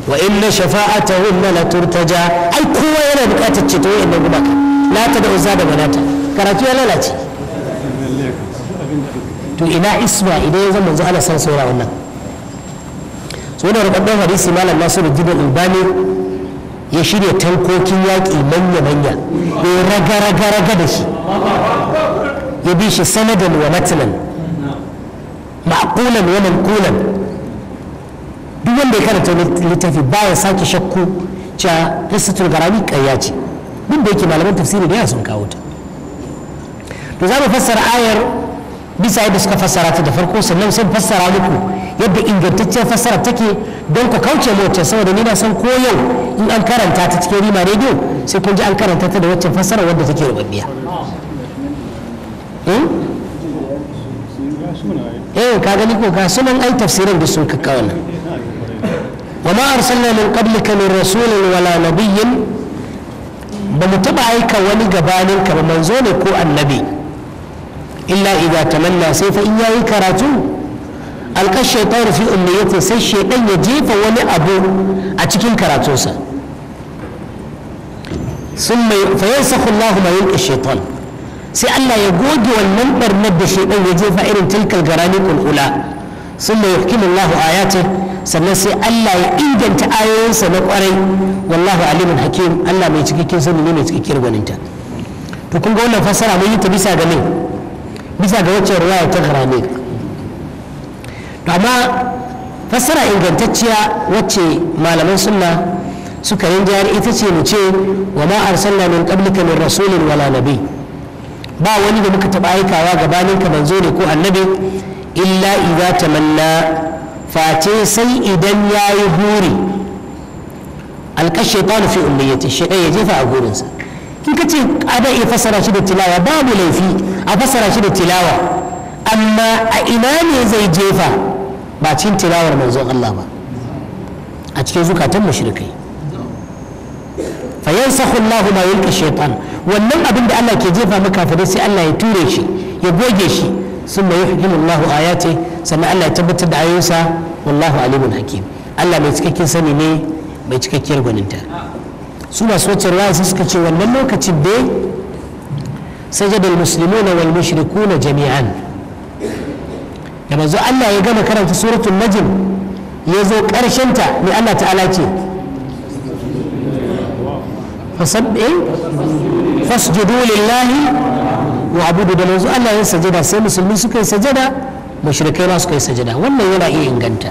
wa inna shafa'atahunna la turtaja ai kowa yana bukatar ceto inda gumaka lata da uzza da manata karatu ya lalace to ina isma idan ya zama Allah san saura wannan so da rubutun hadisi malam Nasiru Gidan Albani ya shirya tankokin yaƙi manya-manya ya raga-raga-raga da shi ya bi shi sanadan wa matanan ma'qulan wa duk wanda ya karanta littafi baya sake shakku cewa qissatul garawi ƙarya ce duk da yake malaman tafsiri da yawa sun kawo ta to za mu fassara ayar bisa yadda suka fassara ta da farko sannan san fassara muku yadda ingantaccen fassara take don ku kauce mota saboda ni na san ko yau in an karanta ta cikin rima rediyo sai kun ji an karanta ta da waccan fassara wadda take rubabbiya eh ka gani ko ga sunan ai tafsirin da sun kakka wannan wa ma arsalna min qablika min rasulin wala nabiyyin ba mu taba aika wani gabanin ka ba manzo ne ko annabi illa idza tamanna sai fa in yayi karatu alka shaitan fi ummiyati sai shaitan ya jefa wani abu a cikin karatunsa sun mai fayansa kullahu mai yanke shaitan sai Allah ya goge wannan barnar da shaidan ya jefa irin tilkal garani kulkula sun da sannan sai Allah ya inganta ayoyinsa na kwarai wallahu alimun hakim Allah mai cikakken sani ne mai cikakken gwaninta to kun ga wannan fassara mun yi ta bisa ga mai bisa ga wacce ruwaya ta garani amma fassara ingantacciya wacce malaman sunna suka yin jari ita ce mu ce wa ma arsalna min qablika min rasulin wala nabi ba wani da muka taɓa aikawa gabanin ka manzo ne ko annabi illa idza tamanna face sai idan ya yi buri alkashaitanu fi umniyati shaitan ya jefa a gurinsa Kin ka ce ana iya shi da tilawa babu laifi a fassara shi da tilawa amma a ina ne zai jefa ba cin tilawar manzon Allah ba a cikin zukatan mushrikai fa yansakhu Allah ma yulqi shaitan wannan abin da Allah ke jefa maka kafirai sai Allah ya ture shi ya goge shi summa yuhkimu Allahu ayati sannan Allah ya tabbatar da ayoyinsa wallahu alimun hakim Allah mai cikakken sani ne mai cikakkiyar gwaninta su masu wacce ruwa su suka ce wannan lokacin da sajadul na wal mushrikuna jami'an da manzo Allah ya gama karanta suratul najm ya zo ta ne Allah ta'ala ce fasjudu lillahi wa abudu da yanzu Allah ya sajada sai musulmi suka yi sajada mushrikai ma suka yi sajada wannan yana iya inganta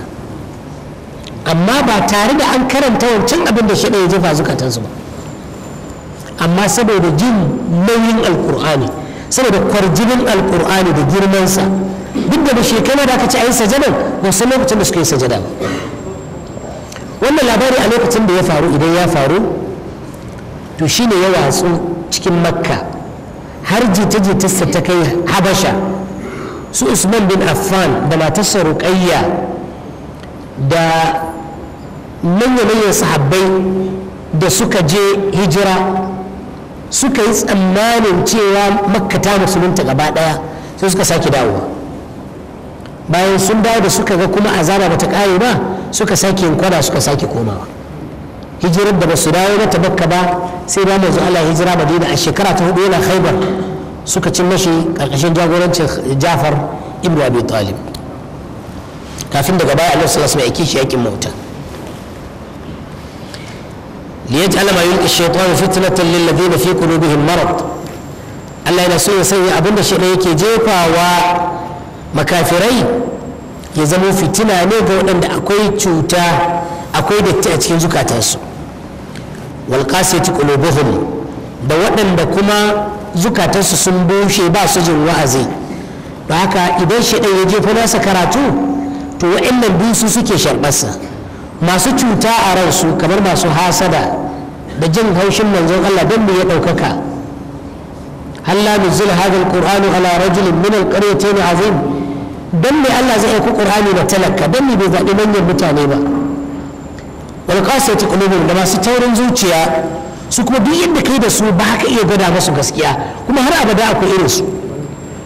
amma ba tare da an karanta wancan abinda da shaɗa ya jefa zukatansu ba amma saboda jin nauyin alkur'ani saboda kwarjinin alkur'ani da girmansa duk da mushrikai da aka ci a yi sajadar wasu lokacin da suka yi sajada ba wannan labarin a lokacin da ya faru idan ya faru to shi ne ya watsu cikin makka har jita-jitarsa ta kai habasha su usman bin affan da matarsa Rukayya da manya-manyan sahabbai da suka je hijira suka yi tsammanin cewa makka ta musulunta gaba ɗaya sai suka sake dawowa bayan sun dawo da suka ga kuma azaba ta ƙare ba suka sake yin kwada suka sake komawa hijirar da ba su dawo mata bakka ba sai da manzo Allah hijira madina a shekara ta hudu yana khaibar suka ci mashi karkashin jagorancin jafar ibnu abi talib kafin daga baya Allah sallallahu alaihi wasallam ya kishi yakin mauta liyaj'al ma yulqi ash-shaytanu fitnatan lil ladina fi qulubihim marad Allah yana so ya sanya abinda shi yake jefawa makafirai ya zama fitina ne ga waɗanda akwai cuta akwai datti a cikin zukatansu walƙasati qulubuhum da waɗanda kuma zukatansu sun bushe ba su jin wa'azi ba haka idan shaidan ya jefa nasa karatu to waɗannan biyu su suke sharɓarsa masu cuta a ransu kamar masu hasada da jin haushin manzon Allah don mu ya ɗaukaka halla nuzul hadal qur'anu ala rajulin min alqaryatayn azim dan Allah zai aika qur'ani da talaka dan me bai zaɓi manyan mutane ba wal qasati qulubuhum da masu taurin zuciya su kuma duk yadda kai da su ba ka iya gwada masu gaskiya kuma har abada akwai irin su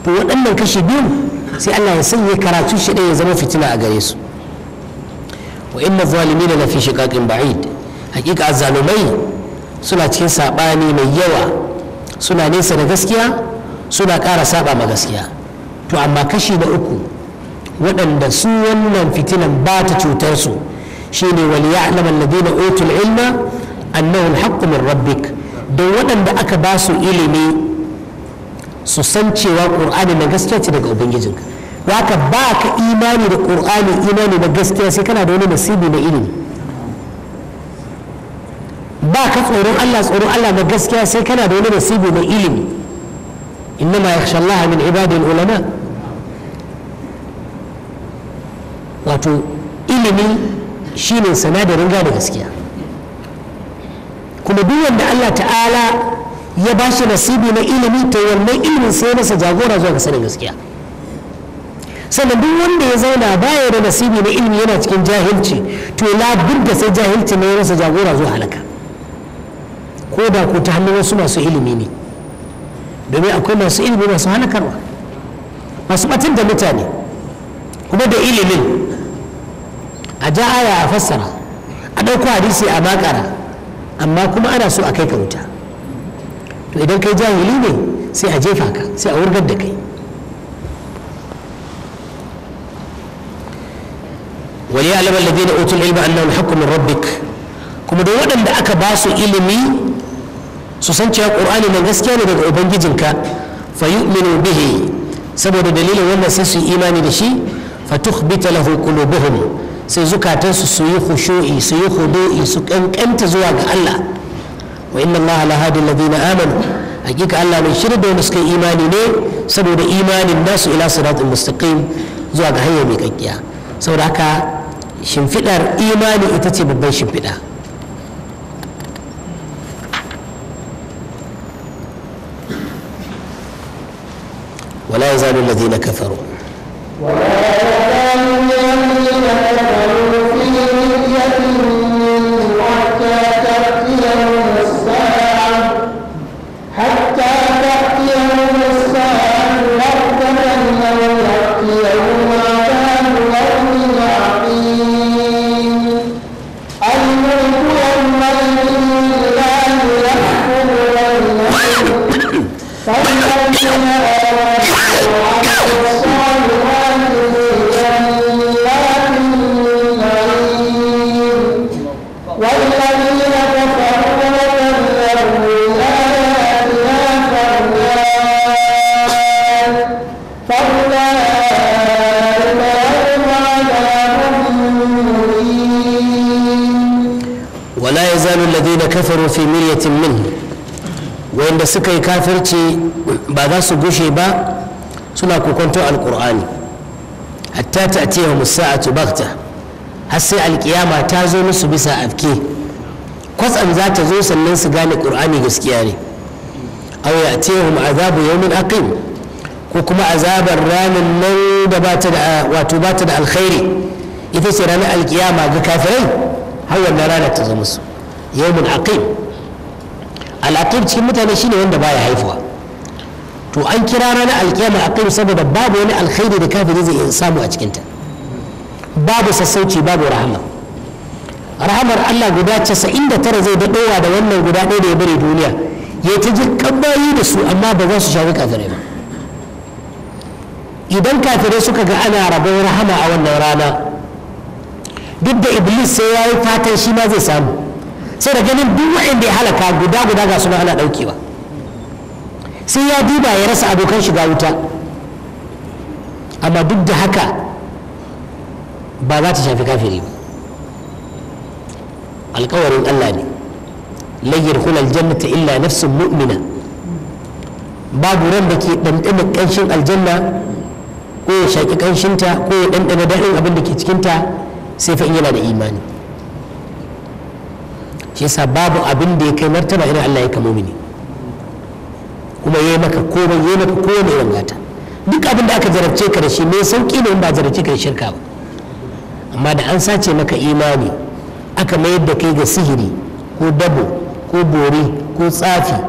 to waɗannan kashi biyu sai Allah ya sanya karatu shi ɗaya ya zama fitina a gare su wa inna zalimin la fi shiqaqin ba'id hakika azzalumai suna cikin sabani mai yawa suna nesa da gaskiya suna ƙara saba ma gaskiya to amma kashi na uku waɗanda su wannan fitinan ba ta cutar su shine wal ya'lam alladhina utul ilma annahu alhaqqu min rabbik don waɗanda aka ba su ilimi su san cewa qur'ani na gaskiya ce daga ubangijinka haka ba ka imani da qur'ani imani na gaskiya sai kana da wani nasibi na ilimi ba ka tsoron Allah tsoron Allah na gaskiya sai kana da wani nasibi na ilimi innama yakhsha Allah min ibadil ulama wato ilimi Shi ne sanadarin gane gaskiya kuma duk wanda Allah ta'ala ya ba shi nasibi na ilimi ta wannan ilimin sai ya masa jagora zuwa ga sanin gaskiya sannan duk wanda ya zauna baya da nasibi na ilimi yana cikin jahilci to labin da sai jahilci ne ya masa jagora zuwa halaka ko da ko ta hannun wasu masu ilimi ne domin akwai masu ilimi masu halakarwa masu batun da mutane kuma da ilimin a ja aya a fassara a ɗauko hadisi a makara amma kuma ana so a kai ka wuta to idan kai jahili ne sai a jefa ka sai a wurgar da kai وليعلم الذين اوتوا العلم انه الحق من kuma dai waɗanda aka ba su ilimi su san cewa ƙur'ani na gaskiya ne daga ubangijinka fa yu'minu bihi saboda dalilin wannan sai su imani da shi fa tukhbita lahu qulubuhum sai zukatansu su yi khushu'i su yi hudu'i su kankanta zuwa ga Allah wa inna Allah ala hadi alladhina amanu hakika Allah mai shirya da wanda suka imani ne saboda imanin nasu ila siratul mustaqim zuwa ga hanya mai kakkiya saboda haka shimfidar imani ita ce babban shimfida ولا يزال الذين كفروا ولا يزال الذين كفروا في مرية fi miryatin suka yi kafirci ba za su gushe ba suna kokonto alkur'ani hatta ta ce wa musa'atu bakta har sai alkiyama ta zo musu bisa afke kwatsam za ta zo sannan su gane ƙur'ani gaskiya ne aw ya ce wa azabu yawmin aqim ko kuma azabar ranar nan da ba wato ba da alkhairi ita ce ranar alkiyama ga kafirai har wannan rana ta zo musu yawmin aqim al'aqib cikin mutane shine wanda baya haifuwa to an kira ranar alkiyama aqib saboda babu wani alkhairi da kafiri zai iya samu a cikinta babu sassauci babu rahama rahamar Allah guda tara zai daɗowa da wannan guda ɗaya da ya bari duniya ya ta ji kabbayi da su amma ba za su shawo kafirai ba idan kafirai suka ga ana rabon rahama a wannan rana duk da iblis sai ya yi fatan shi ma zai samu sai da ganin duk waɗanda ya halaka guda guda ga suna ana ɗaukewa sai ya duba ya rasa abokan shiga wuta amma duk da haka ba za ta shafi kafiri ba alkawarin Allah ne layyar hulal jannata illa nafsin mu'mina babu ran da ke ɗanɗana ƙanshin aljanna ko ya shaƙi ƙanshinta ko ya ɗanɗana daɗin abin da ke cikinta sai fa yana da imani shi yasa babu abin da ya kai martaba irin Allah ya kama mini kuma ya maka ko ya maka kowane irin gata duk abin da aka jarabce ka da shi mai sauki ne in ba jarabce ka da shirka ba amma da an sace maka imani aka mayar da kai ga sihiri ko dabo ko bore ko tsafi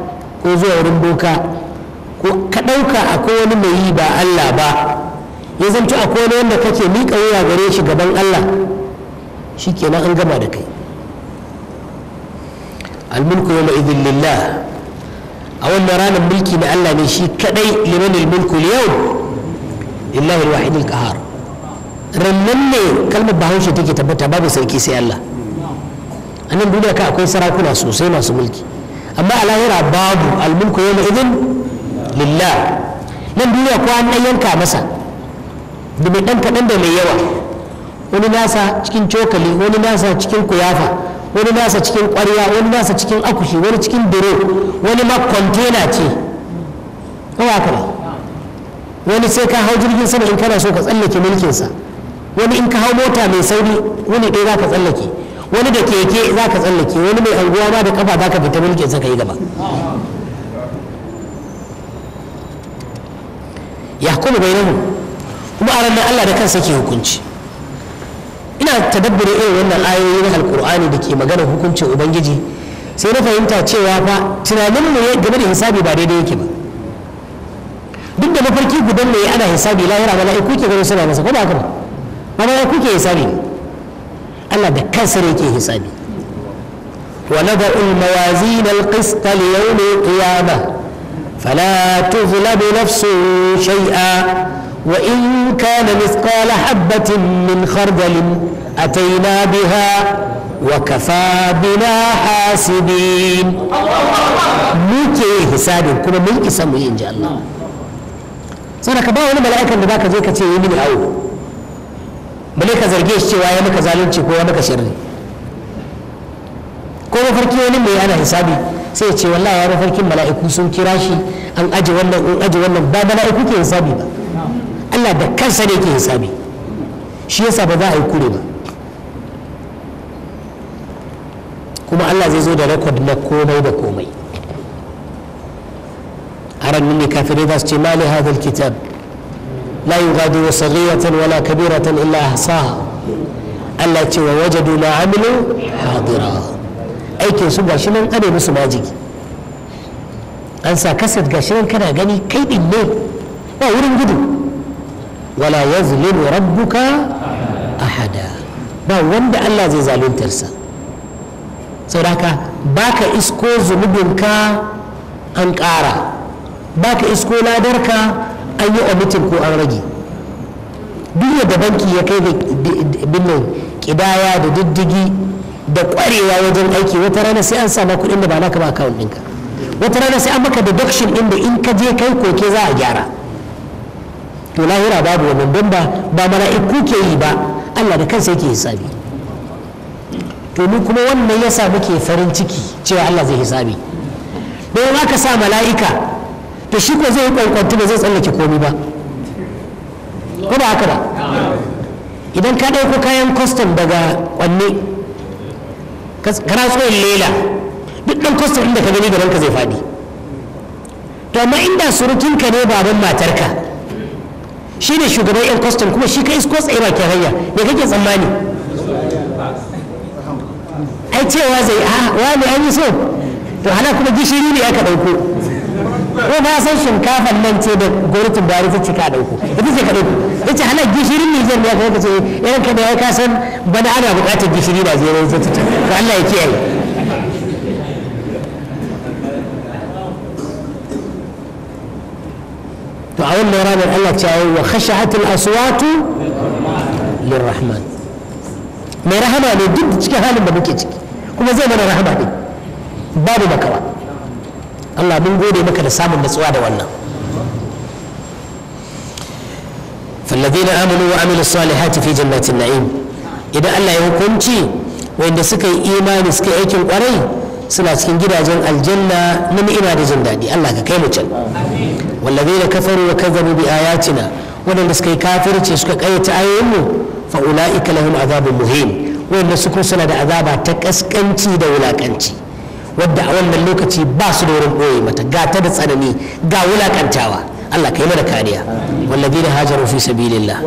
ko zuwa wurin doka ko ka ɗauka akwai wani mai yi ba Allah ba ya zanto akwai wani wanda kake miƙa wuya gare shi gaban Allah shi shikenan an gama da kai almulku yawma idhin lillah a wannan ranar mulki na Allah ne shi kadai liman almulku yau illahi alwahid alqahar rannan ne kalmar bahaushe take tabbata babu sarki sai Allah a nan duniya ka akwai sarakuna sosai masu mulki amma a lahira babu almulku yawma idhin lillah nan duniya ko an yanka masa da mai dan da mai yawa wani nasa cikin cokali wani nasa cikin kuyafa wani nasa cikin kwarya wani nasa cikin akushi wani cikin biro wani ma kwantena ce kawai haka wani sai ka hau jirgin sama in kana so ka tsallake mulkinsa wani in ka hau mota mai sauri wani ɗaya za ka tsallake wani da keke za ka tsallake wani mai anguwa ma da kafa za ka fita mulkinsa ka yi gaba ya kuma bainahu kuma a ranar Allah da kansa ke hukunci ina tadabburi irin wannan ayoyi na alkur'ani da ke maganar hukuncin ubangiji sai na fahimta cewa fa tunanin mu game da hisabi ba daidai yake ba duk da mafarki gudan ne ana hisabi lahira mala'iku ke gani suna masa ko ba haka ba mala'iku ke hisabi Allah da kansa ne ke hisabi wa nada'ul mawazin al-qist li yawm al-qiyamah فلا تظلم نفس شيئا وإن كان مثقال حبة من خردل أتينا بها وكفى بنا حاسبين muke hisabin kuma mun isa mu yi inji Allah sai ka ba wani mala'ikan da baka je ka ce yi mini awo bale ka zarge shi cewa ya maka zalunci ko ya maka sharri ko mafarki wani mai ana hisabi sai ya ce wallahi ya mafarkin mala'iku sun kira shi an aje wannan in aje wannan ba mala'iku ke hisabi ba Allah da kansa ne ke hisabi shi yasa ba za a yi kure ba kuma Allah zai zo da rekod na komai da komai aran ne kafirai za su ce mali hadal kitab la yughadiru saghiratan wala kabiratan illa ahsaha Allah ce wa wajadu na amilu hadira aikin su gashi nan ade musu majigi an sa kasat gashi nan kana gani kai din ne ba wurin gudu wala yazlimu rabbuka ahada ba wanda Allah zai zaluntarsa sa sauraka baka isko zunubinka an ƙara baka isko ladarka an yi omitin ko an rage duk da banki ya kai da binnan kidaya da diddigi da kwarewa wajen aiki wata rana sai an sama kudin da ba naka ba akawun ɗinka wata rana sai an maka deduction ɗin da in ka je kai koke za a gyara to lahira babu wannan don ba ba mala'iku ke yi ba Allah da kansa yake hisabi to ni kuma wannan ya sa muke farin ciki cewa Allah zai hisabi don ka sa mala'ika to shi ko zai yi ba zai tsallake komi ba ko ba haka ba idan ka ɗauko kayan kwastam daga kwanne kana tsohon lela duk ɗan kwastam inda ka gani gaban ka zai faɗi to amma inda surukinka ne baban matarka shi ne shugaban yan kwastam kuma shi ka isko tsaye ba hanya me kake tsammani أي شيء وازي آه وابي أي شيء تو أنا كنت أدشي لي أكا دوكو هو ما أصلا شن كافا من تي بك غورت باري في تكا دوكو إذا تكا دوكو إذا أنا أدشي لي ميزر لي أكا تي إذا كنت أكا سن بنا أنا أبقى تدشي لي بازي يوم زي تتا فألا يكي أي تو أول مرانا الله تعالى وخشعت الأصوات للرحمن ما رحمه لدد تكهان بمكي تكي kuma zai mana rahama ne babu makawa Allah mun gode maka da samun natsuwa da wannan فالذين آمنوا وعملوا الصالحات في جنات النعيم إذا الله يحكمتي وإن سكي suka سكي aikin kwarai suna cikin gidajen aljanna na ni'ima da jin daɗi Allah ka kai mu can wallazina kafaru wa kazzabu bi ayatina waɗanda suka yi kafirci suka kayyata ayoyin mu fa ulaika azabin azabun muhim wanda su suna da azaba ta kaskanci da wulakanci wadda a wannan lokaci ba su da wurin ɓoye mata ga ta da tsanani ga wulakantawa Allah kai mana kariya wallazina hajaru fi sabilillah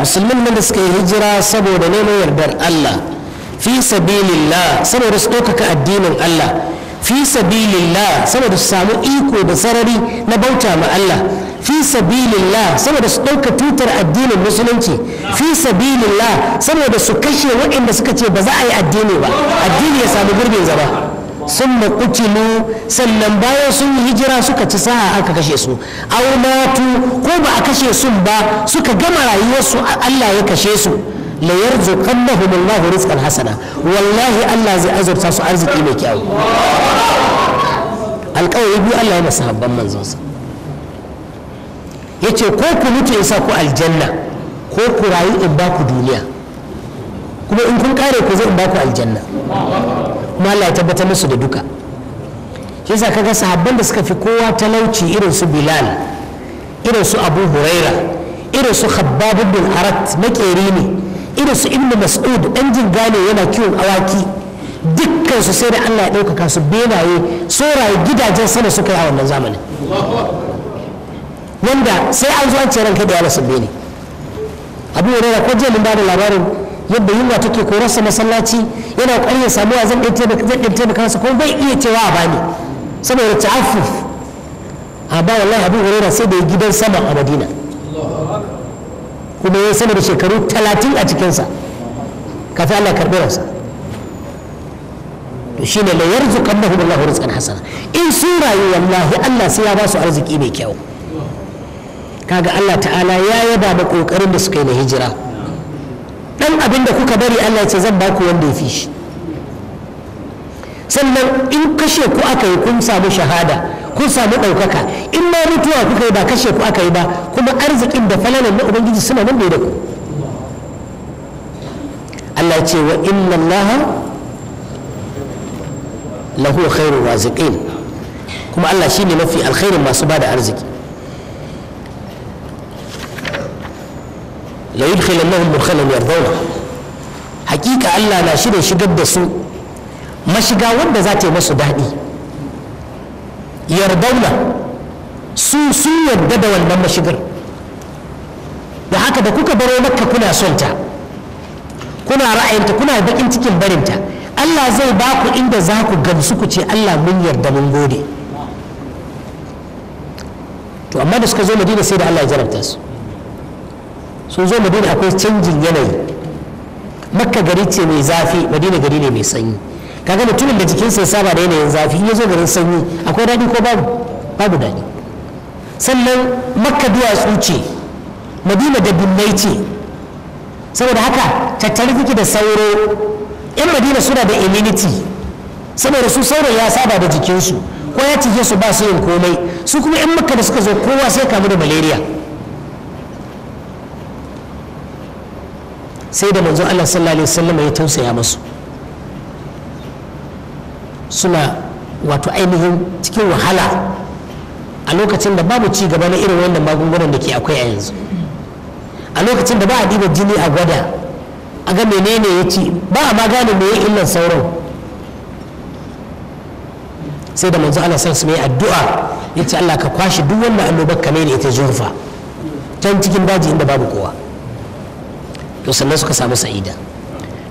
musulmin nan da suka yi hijira saboda neman yardar Allah fi sabilillah saboda su ɗaukaka addinin Allah fi sabilillah saboda su samu iko da sarari na bauta ma Allah fi sabilillah saboda su ɗauka tutar addinin musulunci fi sabilillah saboda su kashe waɗanda suka ce ba za a yi addini ba addini ya samu gurbin zaba. sun kutilu sannan bayan sun yi hijira suka ci sa'a aka kashe su aunatu ko ba a kashe sun ba suka gama rayuwarsu Allah ya kashe su la yarzuqannahum Allahu rizqan hasana wallahi Allah zai azurta su arziki mai kyau alƙawari biyu Allah ya masa habban sa yace ko ku mutu in sa ku aljanna ko ku rayu in ba ku duniya kuma in kun kare ku zai in ba ku aljanna mala ya tabbatar musu da duka shi yasa kaga sahabban da suka fi kowa talauci irin su Bilal irin su Abu Huraira irin su Khabbab bin Arat makeri ne irin su ibnu Mas'ud dan ne yana kiwon awaki dukkan su sai da Allah ya ɗaukaka su benaye soraye gidajen sama suka yi a wannan zamanin wanda sai an zo an ce ranka da ya rasu bene abu ko jiya mun ba da labarin yadda yunwa take korarsa masallaci yana ƙwarin samuwa zan ɗin taimaka masa kuma bai iya cewa a bani saboda ta'affuf a ba wallahi abin hurera sai da ya gidan sama a madina kuma ya sama da shekaru talatin a cikinsa kafin allah karɓi rasa to shi ne layar zukan na hudun lahuru hasana in sun rayu wallahi allah sai ya ba su arziki mai kyau kaga allah ta'ala ya yaba da ƙoƙarin da suka yi na hijira dan abin da kuka bari Allah ce zan baku wanda ya fi shi sannan in kashe ku aka yi kun samu shahada kun samu ɗaukaka in ma mutuwa kuka yi ba kashe ku aka yi ba kuma arzikin da falalan na ubangiji suna nan da ku Allah ce wa inna Allah lahu khairu raziqin kuma Allah shine mafi alkhairin masu bada arziki la yudkhilannahum mudkhalan yardawna hakika Allah na shirin shigar da su mashiga wanda za ta yi masu daɗi yardauna su sun yarda da wannan mashigar da haka da kuka baro makka kuna son ta kuna ra'ayinta kuna bakin cikin barinta Allah zai ba ku inda za ku gamsu ku ce Allah mun yarda mun gode to amma da suka zo madina sai da Allah ya jarabta su sun zo madina akwai canjin yanayi makka gari ce mai zafi madina gari ne mai sanyi kaga mutumin da jikinsa ya saba da yanayin zafi in ya zo garin sanyi akwai daɗi ko babu babu daɗi sannan makka duwatsu ce madina da binnai ce saboda haka tattare kike da sauro yan madina suna da immunity saboda su sauro ya saba da jikinsu ko ya cike su ba su yin komai su kuma yan makka da suka zo kowa sai kamu da malaria sai da manzon Allah sallallahu alaihi wasallam ya tausaya masu suna wato ainihin cikin wahala a lokacin da babu ci gaba na irin wannan magungunan da ke akwai a yanzu a lokacin da ba a diba jini a gwada a ga menene ya ci ba a magana gane me illan sauran sai da manzo Allah sai su mai addu'a yace Allah ka kwashe duk wannan annobar kamar ne ita zurfa can cikin daji inda babu kowa to sannan suka samu sa'ida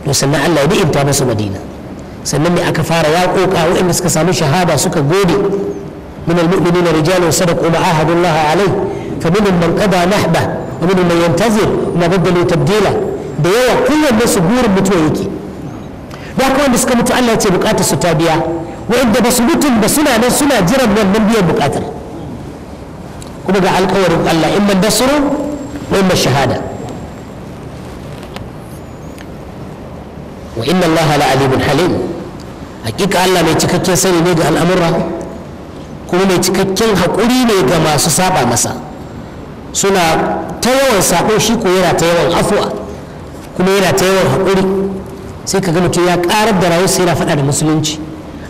to sannan Allah ya ni'imta musu madina sannan ne aka fara waƙoƙa waɗanda suka samu shahada suka gode min almu'minin rijalun sadaqu ma ahadullah alai fa minhum man qada nahba wa minhum man yantazir ma badalu tabdila da yawa kowanne su burin mutuwa yake da haka wanda suka mutu Allah ya ce bukatar su ta biya wa'anda ba su mutum ba suna nan suna jiran nan biyan bukatar kuma ga alkawarin Allah in man dasuru wa in shahada wa inna allaha la alimun halim hakika allah mai cikakken sani ne ga al'amura kuma mai cikakken haƙuri ne ga masu saba masa suna ta yawan saƙo shi ko yana ta yawan afuwa kuma yana ta yawan haƙuri sai ka ga mutum ya ƙarar da sai yana faɗa da musulunci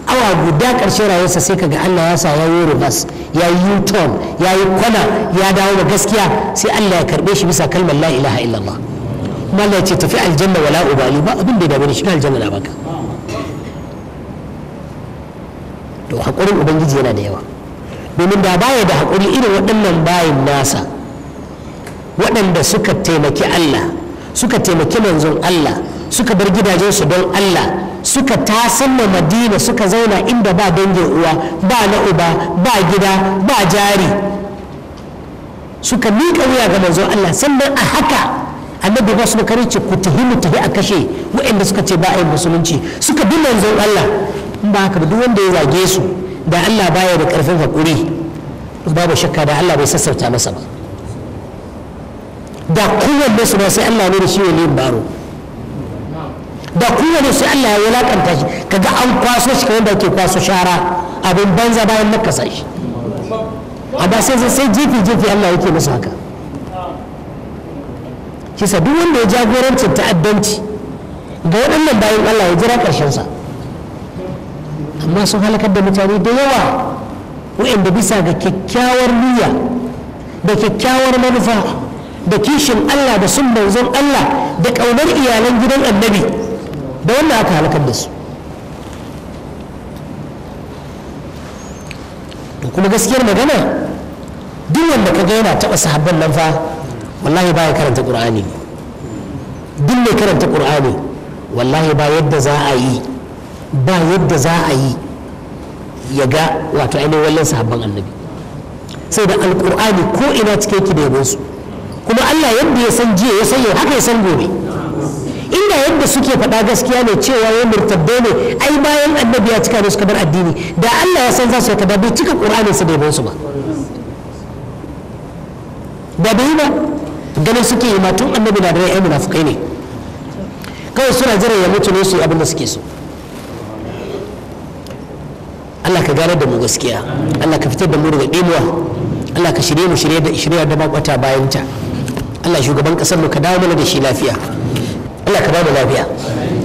awa guda ƙarshen rayuwarsa sai ka ga Allah ya sa yayi reverse ya yi turn ya yi kwana ya dawo da gaskiya sai Allah ya karɓe shi bisa kalmar la ilaha illallah kuma Allah ya ce tafi aljanna wala ubali ba abin da ya dame shi aljanna na baka to haƙurin ubangiji yana da yawa domin da baya da hakuri irin waɗannan bayin nasa waɗanda suka taimaki Allah suka taimaki manzon Allah suka bar gidajensu don Allah suka tasanna madina suka zauna inda ba dangin uwa ba na uba ba gida ba jari suka miƙa wuya ga manzon Allah sannan a haka annabi ba su da ce ku tahi mu tahi a kashe waɗanda suka ce ba a yi musulunci suka bi manzon Allah in ba haka ba duk wanda ya zage su da Allah baya da karfin hakuri babu shakka da Allah bai sassauta masa ba da kowanne su ba sai Allah ne da shi waliyin baro da kowanne sai Allah ya wulakanta shi kaga an kwaso shi kamar da ke kwaso shara abin banza bayan makasa shi amma sai sai jefi jefi Allah yake masa haka kisa duk wanda ya jagorancin ta'addanci ga waɗannan bayan Allah ya jira ƙarshensa amma sun halakar da mutane da yawa waɗanda bisa ga kyakkyawar niyya da kyakkyawar manufa da kishin Allah da sun manzon Allah da ƙaunar iyalan gidan annabi da wannan aka halakar da su to kuma gaskiyar magana duk wanda ka ga yana taɓa sahabban nan fa wallahi ba ya karanta qur'ani duk mai karanta qur'ani wallahi ba yadda za a yi ba yadda za a yi ya ga wato ainihin wallan sahabban annabi sai da alƙurani ko ina cike ki da yabon su kuma Allah yadda ya san jiya ya san yau haka ya san gobe inda yadda suke faɗa gaskiya ne cewa ya murtabbe ne ai bayan annabi ya cika ne suka bar addini da Allah ya san za su kada bai cika qur'anin su da yabon su ba da bai ba ganin suke yi ma tun annabi na da rai munafukai ne kawai suna jira ya mutu ne su yi abin da suke so Allah ka gane da mu gaskiya Allah ka fitar da mu daga ɗimuwa Allah ka shirye mu shirye da shirya da makwata bayan ta Allah shugaban kasar mu ka dawo mana da shi lafiya Allah ka dawo lafiya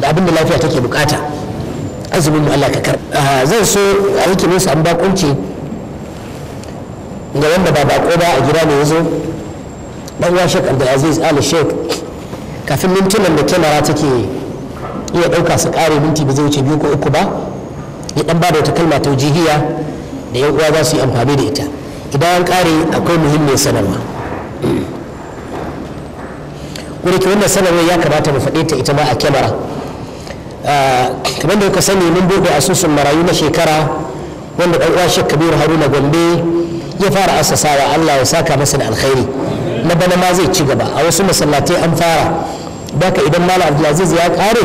da abin da lafiya take bukata azumin mu Allah ka kar zan so a yake musu an bakunci ga wanda ba bako ba a gida ne yazo dan ya shek abdulaziz ali shek kafin mintunan da kyamara take iya ɗauka su ƙare minti ba zai wuce biyu ko uku ba ya dan ba da wata kalma jihiya da yan uwa za su yi amfani da ita idan an ƙare akwai muhimmiyar sanarwa wani ke wannan sanarwar ya kamata mu faɗe ta ita ma a kyamara ah, kamar da kuka sani mun buɗe asusun marayu na shekara wanda ɗan uwa shek kabiru haruna gombe ya fara asasawa allah ya saka masa da alkhairi na bana ma zai ci gaba a wasu masallatai an fara ka idan malam abdulaziz ya kare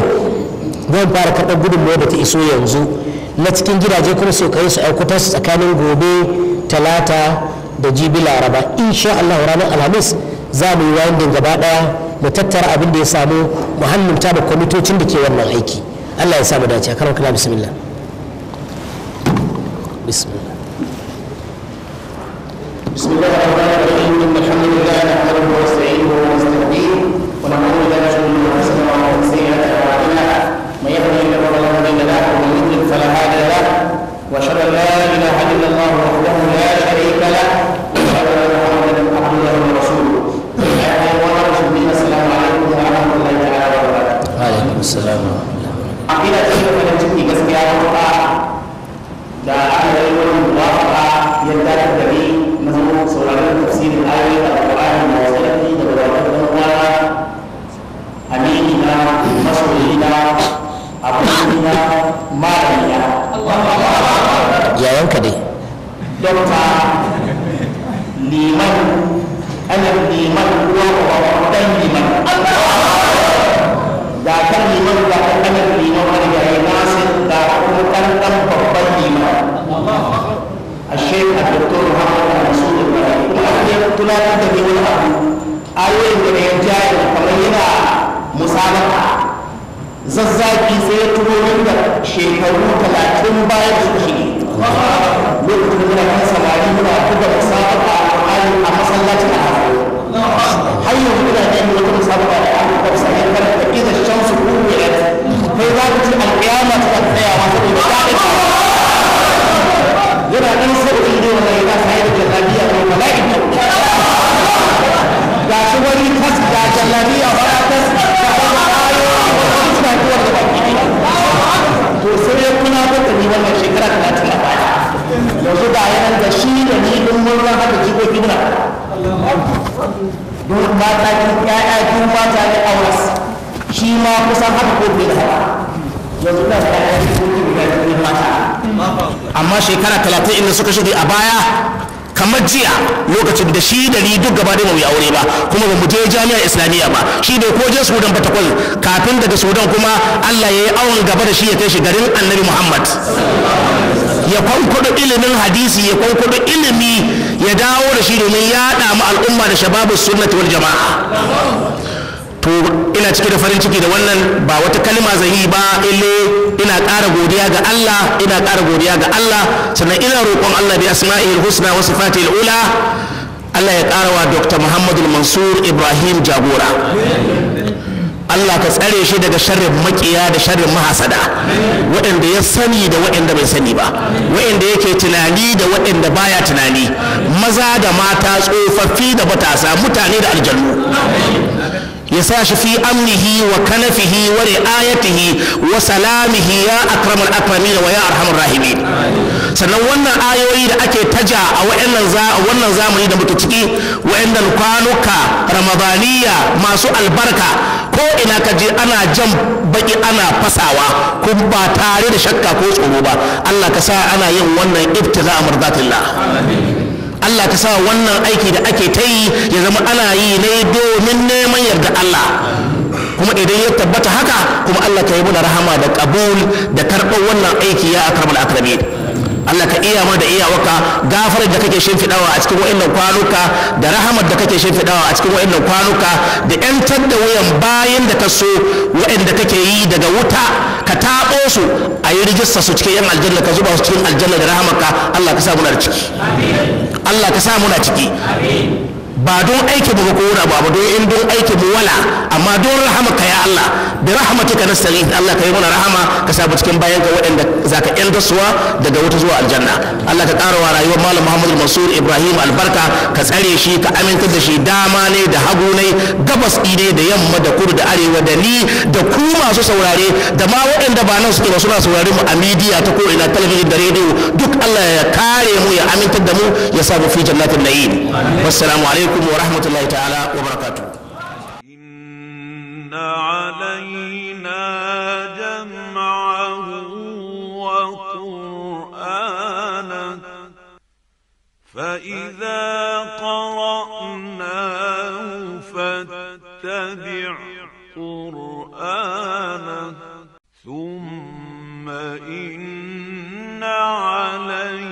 zan fara kaɗan gudunmawa da ta iso yanzu na cikin gidaje kuma su kai su aikuta su tsakanin gobe talata da jibi laraba insha allahu ranar alhamis za mu yi winding gaba daya mu tattara abin da ya samu mu hannunta da kwamitocin da ke wannan aiki Allah ya samu dace karon kula bismillah واشهد ان لا اله الا الله وحده لا شريك له واشهد ان محمدا عبده ورسوله يا ايها المسلمين السلام عليكم ورحمه الله تعالى وبركاته وعليكم السلام ورحمه الله وبركاته عقيده الشيخ الجدي قصدي dokta liman ana liman uwa wa dan liman ga liman ga kan liman wani ya nasi ga ko kan dan babban liman a shekar da to muhammad rasulun bari kuma a ne da ne wani abu ayoyin da ya jaye yana musalaka zazzaki sai ya turo da shekaru talatin baya su shige lokacin muna kan samari muna buga musabaka alƙur'ani a masallacin alhafi har yanzu muna da yin wata musabaka da aka buga musabaka kan da iza shamsu kuwiyat kai za ku ci alƙiyama ta tsaya masu da ta yana ɗan sauƙi ne wanda ya kasa yi da jallabiya mai mala'in da ga shi wani tas ga jallabiya ba tas ga wani ayoyi wanda su tunaki wanda ba ki to sai ya kuna da ni wannan shekara talatin a baya yanzu ga yanar da shi da ni ɗin murnan haka jikoki muna don mata kin ƴaƴa kin mata ne auras shi ma kusan haka ko bai da haka yanzu na da ƴaƴa jikoki guda biyu mata amma shekara talatin inda suka shige a baya kamar jiya lokacin da shi da ni duk gaba da mu aure ba kuma ba mu je jami'ar islamiyya ba shi da ko je sudan ba takwal kafin daga sudan kuma allah ya yi awon gaba da shi ya kai shi garin annabi muhammad ya kwankwaɗo ilimin hadisi ya kwankwaɗo ilimi ya dawo da shi domin ya damu al'umma da shababu sunnati wal jama'a to ina cike da farin ciki da wannan ba wata kalma zan yi ba ille ina ƙara godiya ga Allah ina ƙara godiya ga Allah sannan ina roƙon Allah bi asma'il husna wa sifatil ula Allah ya ƙara wa Dr. Muhammadu Mansur Ibrahim Jagora Allah ka tsare shi daga sharrin makiya da sharrin mahasada waɗanda ya sani da waɗanda bai sani ba waɗanda yake tunani da waɗanda baya tunani maza da mata tsofaffi da batasa mutane da aljannu ya sa shi fi amnihi wa kanafihi wa ri'ayatihi wa salamihi ya akramul akramin wa ya arhamur rahimin sannan wannan ayoyi da ake taja a wannan zamani da mutuciki. ciki wa'annan kwanuka ramadaniya masu albarka ko ina ka je ana jan baki ana fasawa ko ba tare da shakka ko tsoro ba Allah ka sa ana yin wannan ibtiza amrdatillah Allah ka sa wannan aiki da ake ta yi ya zama ana yi ne domin neman yarda Allah kuma idan ya tabbata haka kuma Allah ka yi mana rahama da kabul da karɓar wannan aiki ya akramul akramin Allah ka iya mana da iyawarka gafar da kake shimfiɗawa a cikin wa'annan kwanuka da rahamar da kake shimfiɗawa a cikin wa'annan kwanuka da ƴantar da wuyan bayan da ka so wa'anda kake yi daga wuta ka taɓo su a yi rijista su cikin yan aljanna ka zuba su cikin aljanna da rahamarka Allah ka sa muna ciki Allah ka sa muna ciki ba don aiki mu ba ko wani abu ba don in don aiki mu wala amma don rahamarka ya Allah Da bi rahmatika nasta'in Allah ka yi mana rahama ka sabu cikin bayan ka waɗanda zaka yandasuwa daga wuta zuwa aljanna Allah ka ƙara wa rayuwar malam Muhammad Mansur Ibrahim albarka ka tsare shi ka aminta da shi dama ne da hagu ne gabas ne da yamma da kudu da arewa da ni da ku masu saurare da ma waɗanda ba nan suke ba suna saurare mu a midiya ta ko ina talabijin da rediyo duk Allah ya kare mu ya aminta da mu ya sabu fi jannatin na'im wassalamu alaikum wa rahmatullahi ta'ala wa barakatuh فإذا قرأناه فاتبع قرآنه ثم إن علينا